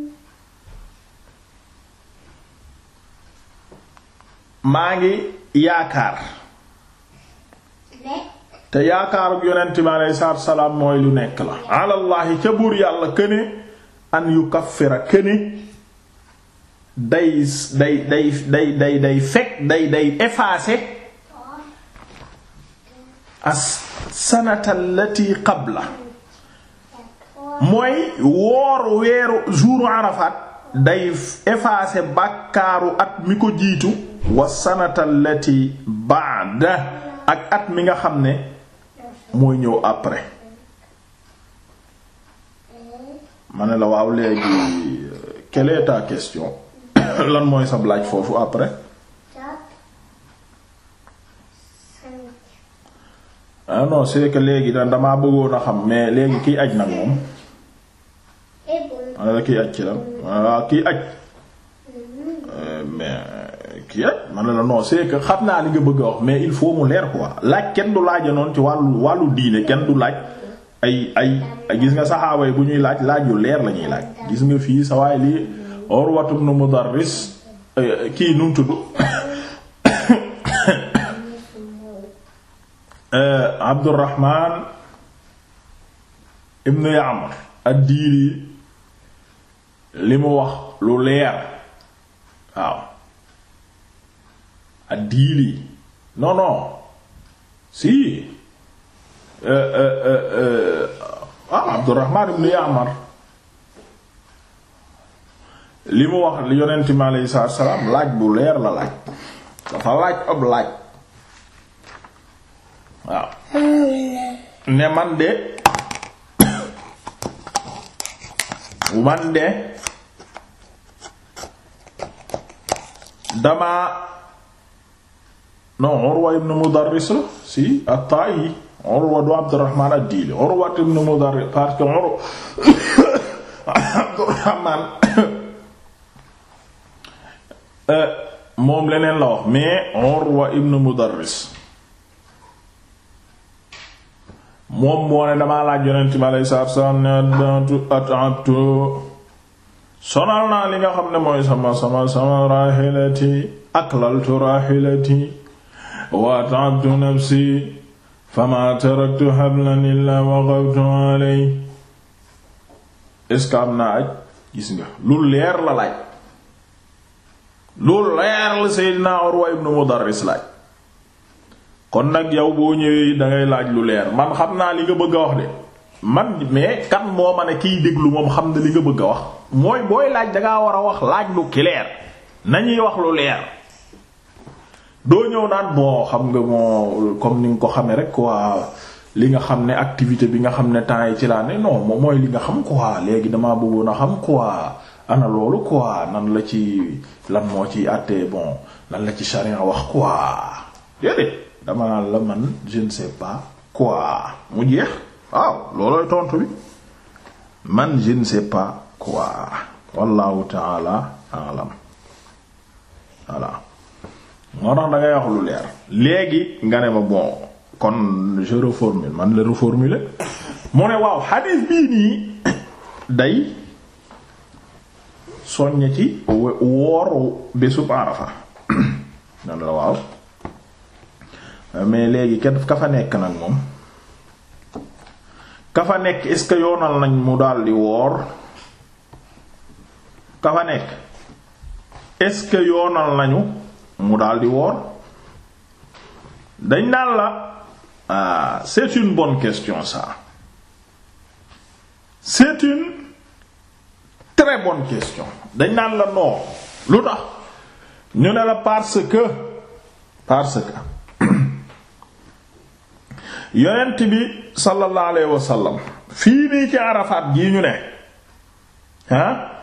(clears throat) maa ngi yaakaar te yaakaarug yonent bi aleyhi salaatu salaam mooy lu nekk la alallahi ca buur yàlla këne an yukaffira këne day day day day day day fekk day day effacer as sanata allati qabla mooy woor weeru jouru Arafat day effacer bàkkaaru at mi ko jiitu wa sanata allati ba'da ak at mi nga xam ne mooy ñëw après ma ne la waaw léegi quelle est (coughs) lan mooy sab laaj foofu après ah non c'est que léegi da damaa bëggoon a xam mais léegi kiy aj nag moom ma la kiy aj ci la waaw ah, kiy aj mm-hmm. eh, mais ye man la non c'est xam naa li nga bëgg a wax mais il faut mu leer quoi laaj kenn du laaja noonu ci wàllu wàllu diine kenn du laaj ay ay gis nga saxaaba yi bu ñuy laaj laaj yu leer la ñuy laaj gis nga fii sa waay lii Urwatum nu Mudarris eh, kii nu mu tudd (coughs) eh, Abdurrahman ibnu Ya'mar ad-Diili li mu wax lu leer waaw ad-Diili non si euh, euh, euh, ah Abdurrahman ibn Ya'mar li mu wax yonent mi aleyhi salaatu salaam laaj bu leer la laaj dafa laaj ab laaj waaw ne man de man de damaa non Urwa ibn Mudarris la si at-Ta'i Urwa du Abdurrahman ad-Dili Urwa ibn Mudarris parce que (coughs) (coughs) euh, moom moo ne damaa laaj yonent bi alayhi salaatu ne adantu at'abtu sonal naa li nga xam ne mooy sama sama sama rahilati aklaltu rahilati wa at'abtu nafsi fama taraktu hablan illa waqaftu alayhi est-ce que am naa aj gis nga lu leer la laaj lu leer la Seydina Urwa ibn Mudarris laaj kon nag yow boo ñëwee dangay laaj lu leer man xam naa li nga bëgg a wax de man mais kan moo ma ne kiy déglu moom xam na li nga bëgg a wax mooy booy laaj dangaa war a wax laaj lu clair nañuy wax lu leer doo ñëw naan moo xam nga moo comme ni nga ko xamee rek waa li nga xam ne activité bi nga xam ne temps yi ci laa ne non moom mooy li nga xam quoi léegi damaa bëggoon a xam quoi ana loolu quoi nan la ci lan moo ci àttee bon lan la ci charia wax quoi déedéet dama naan la man je ne sais pas quoi mu jeex waaw loolooy tontu bi man je ne sais pas quoi wallahu ta'ala a'lam voilà moo tax da ngay wax lu leer léegi nga ne ma bon kon je reformule man la reformuler mu ne waaw xadiis bii nii day soññe ci wooru bésub Arafa (coughs) nan la waaw mais léegi kenn ka fa nekk nag moom ka fa nekk est yoonal nañ mu daldi woor ka fa nekk est-ce que yoonal nañu mu daal di woor dañ naan la ah c'est une bonne question ça c'est une très bonne question dañ naan la non lu tax ñu ne la parce que parce que (clears throat) yonent bi sallallahu alayhi wa sallam fii nii ci Arafat gii ñu ne ah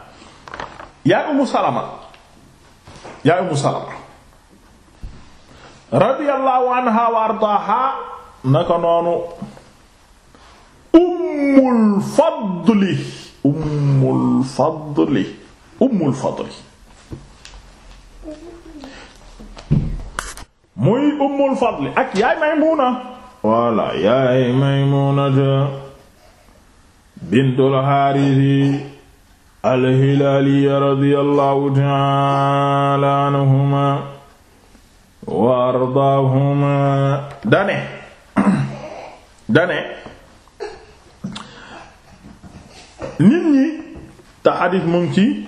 yaa Ummu Salama yaa Ummu Salama radiyallahu anha wa ardaaha naka noonu ummul fadli ummul fadli ummul fadli muy ummul fadli ak yaay maymuna walla yaay maymuna bintul haarisi al hilaaliya radiyallahu ta'ala anhuma wa ardaahuma dane dane nit ñi te xadis mu ngi ci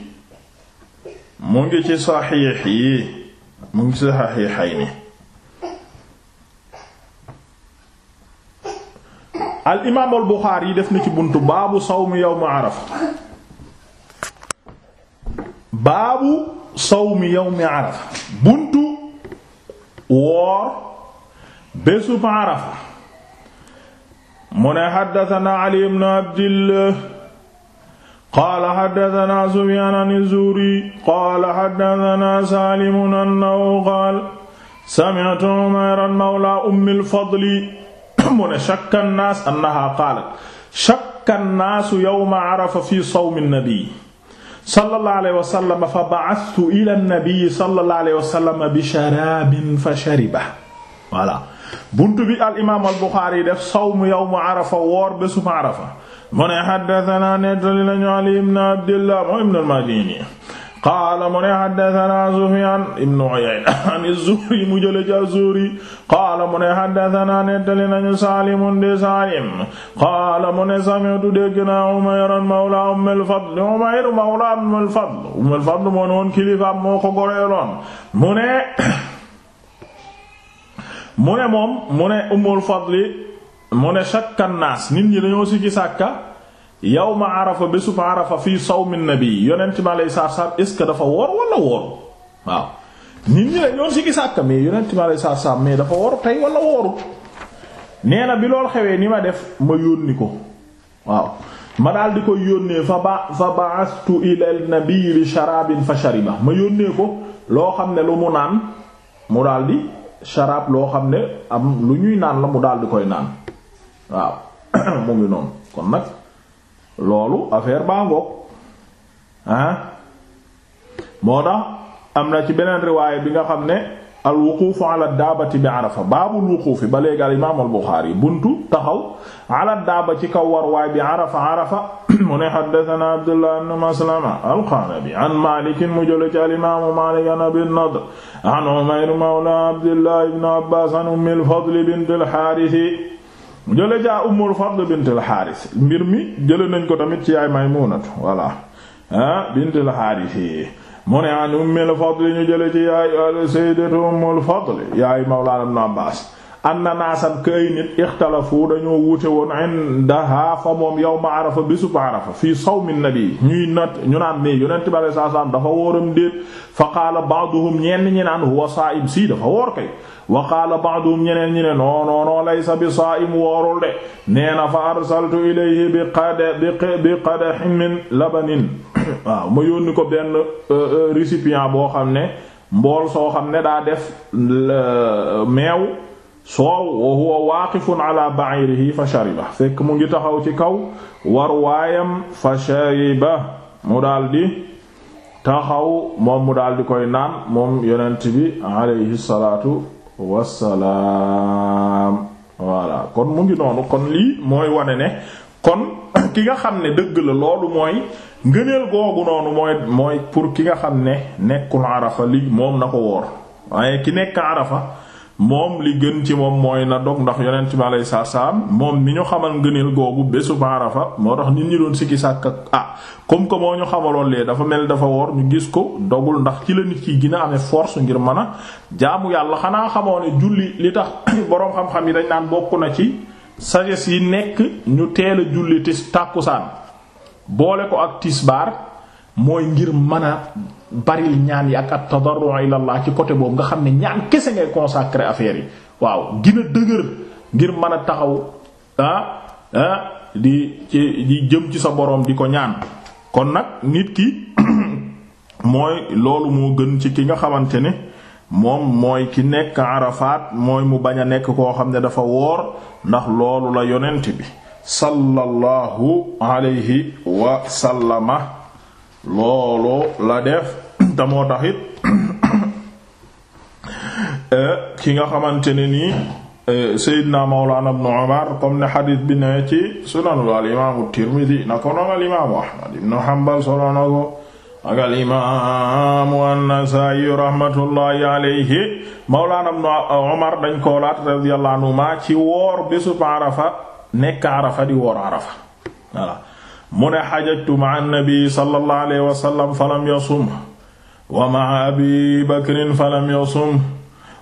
mu ngi ci saxiix yi mu ngi ci saxiixayni al imaam al buxaari def na ci bunt baabu sawmi yawmi arafa baabu sawmi yawmi arafa buntu woor bésu Arafa mu ne xaddatana Ali ibn Abdillah qaala xaddatana Sufyaan az-Zuhri qaala xaddatana Saalim annahu qaala sami'tu Umayran mawlaa Ummil Fadli mu ne shakka nnaas annahaa qaalat shakka nnaasu yawma Arafa fii sawmi nnabi sallallahu alayhi wa sallam fa ba'athtu ila nabi sallallahu alayhi wa sallam bi sharaabin fa shariba voilà buntu bi al imaam al Buxaari def sawmu yawmu arafa woor bésuma arafa mu ne haddathana nettali nañu Ali ibn Abdillah ibn al-Madini qaala mu ne haddathana Sufyaan ibn Uyayna an az-Zuhri mu jële ci az-Zuhri qaala mu ne haddathana nettali nañu Saalimun de Saalim qaala mu ne sami'tu dégg naa Umayr mawla Umm al-Fadl Umayr mawla Umm al-Fadl Umm al-Fadl moo noon kilifa moo ko goreeloon mu ne mu ne moom mu ne Umm al-Fadl mu ne shakka an-naas nit ñi dañoo sikki sàkka yawma arafa bésub arafa fii sawmi nabi yonent bi alayhi salaatu salaam est ce que dafa woor wala wooru waaw nit ñi la ñoon si gisàkka mais yonent bi alayhi salaatu mais dafa woor tey wala woorut nee na bi lool xewee ni ma def ma yónni ko waaw ma daal di koy yónnee fa ba fa ba'astu ila an-nabi bi sharabin fa shariba ma yónnee ko loo xam ne lu mu naan mu daal di sharab loo xam ne am lu ñuy naan la mu daal di koy naan waaw (coughs) mu ngi noonu kon nag loolu affaire baa ah. am na ci beneen riwaaya bi nga xam ne al wuquufu ala daabati bi arafa baabul wuquufi ba al imaam al buxaari buntu taxaw ala daaba ci kaw war bi arafa arafa (coughs) mu ne xaddatana abdullah ibn maslama alqanabi an malikin mu al imaamu malik an abi nadr an umayr mawla abdullah ibn abbas an ummi al fadl bint al xaarisi jële ca Ummul Fadl bint al-Haaris mbir mi jële nañ ko tamit ci yaay Maymunatu voilà ah bint al-Haaris yi mu ne an Ummul Fadl ñu jële ci yaay sayyidatu Ummul Fadl yaay Mawlaana Ibn Abbaas anna naasan kay nit ixtalafu dañoo wuute woon indaha fa moom ma arafa bésub arafa fii sawmi nabi ñuy nat ñu naan ne yonent bi alayhi salaam dafa wóoram déet fa qaala ba'duhum ñenn ñi naan huwa saa'im sii dafa woor kay wa qaala ba'duhum ñeneen ñi ne non non non laysa bi saa'im woorul de nee na fa arsaltu ilayhi bi qad bi qadahin min labanin (coughs) waaw ma yónni ko benn euh, euh, récipient boo xam ne mbool soo xam ne daa def euh, meew soow wa huwa waaqifun ala ba'irihi fa shariba fekk mu ngi taxaw ci kaw war waayam fa shariba mu daldi taxaw moom mu daldi koy naan moom yonent bi alayhi salaatu wassalaam voilà kon mu ngi noonu kon lii mooy wane ne kon (coughs) ki nga xam ne dëgg la loolu mooy ngëneel googu noonu mooy mooy pour ki nga xam ne nekkul arafa lii moom na ko woor waaye ki nekk arafa moom li gën ci moom mooy na dog ndax yonent ma alayhi salaam moom mi ñu xamal ngëneel googu bésu Arafa moo tax nit ñi doon sikki sàkk ak ah comme que moo ñu xamaloon lee dafa mel dafa wor ñu gis ko dogul ndax ci la nit ki gën a amee force ngir mën a jaamu yàlla xanaa xamoo ne julli li tax (coughs) boroom xam-xam yi dañ naan bokk na ci sagesse yi nekk ñu teel a julli tis tàkkusaan boole ko ak tisbaar mooy ngir mën a baril ñaan yi ak at tadarru ila Allah ci côté boobu nga xam ne ñaan kese ngay consacré affaire yi waaw gina dëgër ngir mën a taxaw ah, ah, di ci di jëm ci sa boroom di ko ñaan kon nag nit ki (coughs) mooy loolu moo gën ci ki nga xamante ne moom mooy ki nekk Arafat mooy mu bañ a nekk koo xam ne dafa woor ndax loolu la yonent bi sallallahu alayhi wa loolu la def te moo tax (coughs) eh, nga xamante ne nii eh, Seydina Mawlana ibn Umar comme ne xadiis bi ne ci sunanul al imaamu na ko noon al imaamu Ahmad ibn Hanbal solo ko al imaamu an rahmatullahi alayhi Mawlana ibn Umar dañ ko laat radiyallahu ma ci woor bésu Arafa nekk Arafa di woor Arafa mu ne xajajtu ma annabi sallallahu alayhi wasallam falam yasum wa ma abi bakrin falam yasum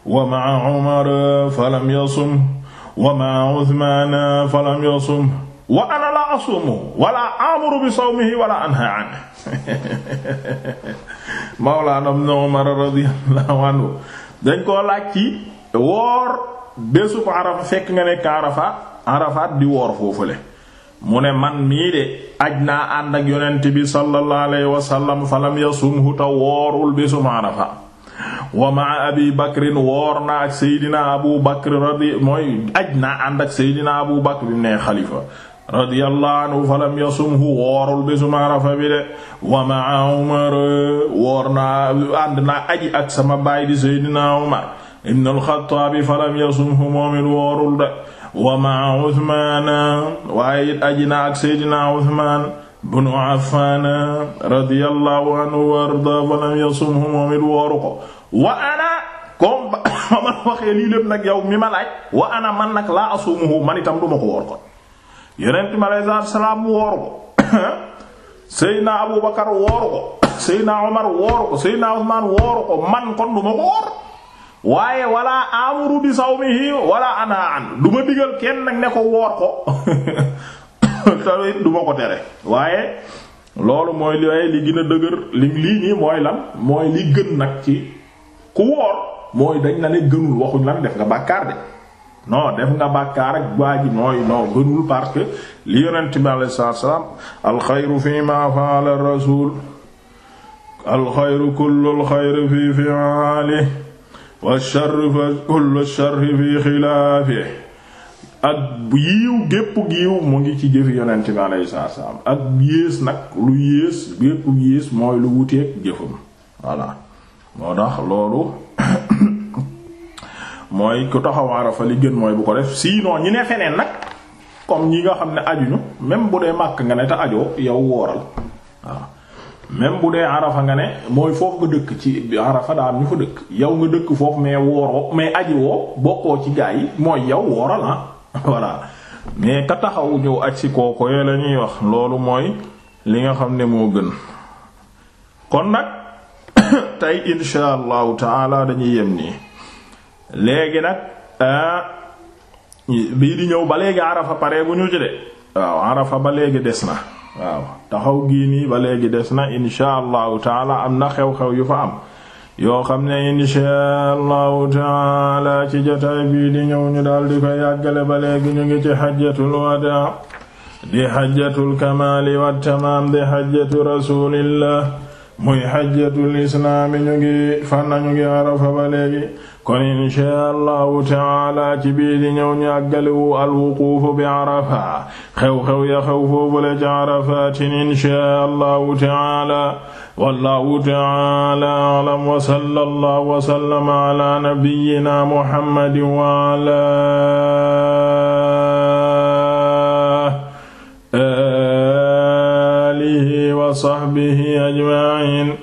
wa ma umar falam yasum wa ma uthman falam yasum wa ana la asumu wala amuru bi sawmihi wala anha an (laughs) mawlana ibn umar radiyallahu anhu dañ koo laaj ci woor bésu ko arafa fekk nga nekk arafa arafaat di woor foofule mu ne man mii de aj naa ànd ak yonent bi sallallahu alayhi wasallam falam yasumhu ta woorul bésum arafa wa maa abi bakrin woor naa ak seydina abu bakr radi mooy aj naa ànd ak seydina abu bakr ne xalifa radiyallahu anhu falam yasumhu woorul bésum arafa bi de wa maa umar woor naa ànd naa aji ak sama baay di seydina umar ibn al-Xattaab falam yasumhu moomit woorul de wa maa Usmaan waaye it aji na ak Seydina Usmaan bunu Affaan radiyallahu anhu wa ardaa fa lam yasumhu moom it wooru ko wa ana comme ba (coughs) ma waxee lii lépp nag yow mi ma laaj wa ana man nag laa asumuhu man itam duma ko woor ko yonent mi alayhi salaatu wa salaam wooru ko (coughs) Seydina Abu Bakar wooru ko (coughs) Seydina Omar wooru ko Seydina Usmaan wooru ko man kon duma ko woor waaye wala amuru bi sawmihi wala ana an du ma digal kenn nag ne ko woor ko (coughs) tamit du ko tere waaye loolu mooy li waaye li gën a dëgër li lii nii mooy lan mooy li gën nag ci ku woor mooy dañ la ne gënul waxuñ lan def nga bàkkaar de non def nga bàkkaar ak waa ji nooy non gënul parce que li yonent bi alayhi salaam alxayru fi ma fa'ala rasul alxayru kullu alxayri fi fi'alihi wa sharri fa kullu sharri fi xilaafi ak yiiw gépp yiiw mu ngi ci jëfi yonent bi alayhi salaam ak yées nag lu yées gépp yées mooy lu wuteeg jëfam voilà moo tax loolu (coughs) mooy ku taxaw Arafa li gën mooy bu ko def sinon ñi ne feneen nag comme ñi nga xam ne ajuñu même bu dee màkk nga ne te ajoo yow wooral waaw même bu dee arafa nga ne mooy foofu nga dëkk ci arafa daa ñu fa dëkk yow nga dëkk foofu mais wooroo mais aji woo bokkoo ci gaa yi mooy yow wooral ah (laughs) voilà mais ka taxaw ñëw aj si kooko yee la ñuy wax loolu mooy li nga xam ne moo gën kon nag (coughs) tey insha allahu taala dañuy yem nii léegi nag ah, bii di ñëw ba léegi arafa pare bu ñu ci waaw arafa ba léegi des na waaw taxaw gii nii ba léegi des na insha allahu taala am na xew yu fa am yoo xam ne insha allahu taala ci jotaay bii di ñëw ñu daal di koy yàggale ba léegi ñu ngi ci xajjatul wadaa di xajjatul kamaali wa tamaam di xajjatu rasulillah muy xajjatul islaami ñu ngi fan ñu ngi arafa ba léegi kon inshaa allahu taala ci bii di ñëw ñu àggalewu alwuquufu bi arafa xew-xew ya xew foofule ci arafatin inshaa allahu taala wallahu taala alam wa sallallahu wa sallama ala nabiyyina muhammadin wa ala alihi wa sahbihi ajma'in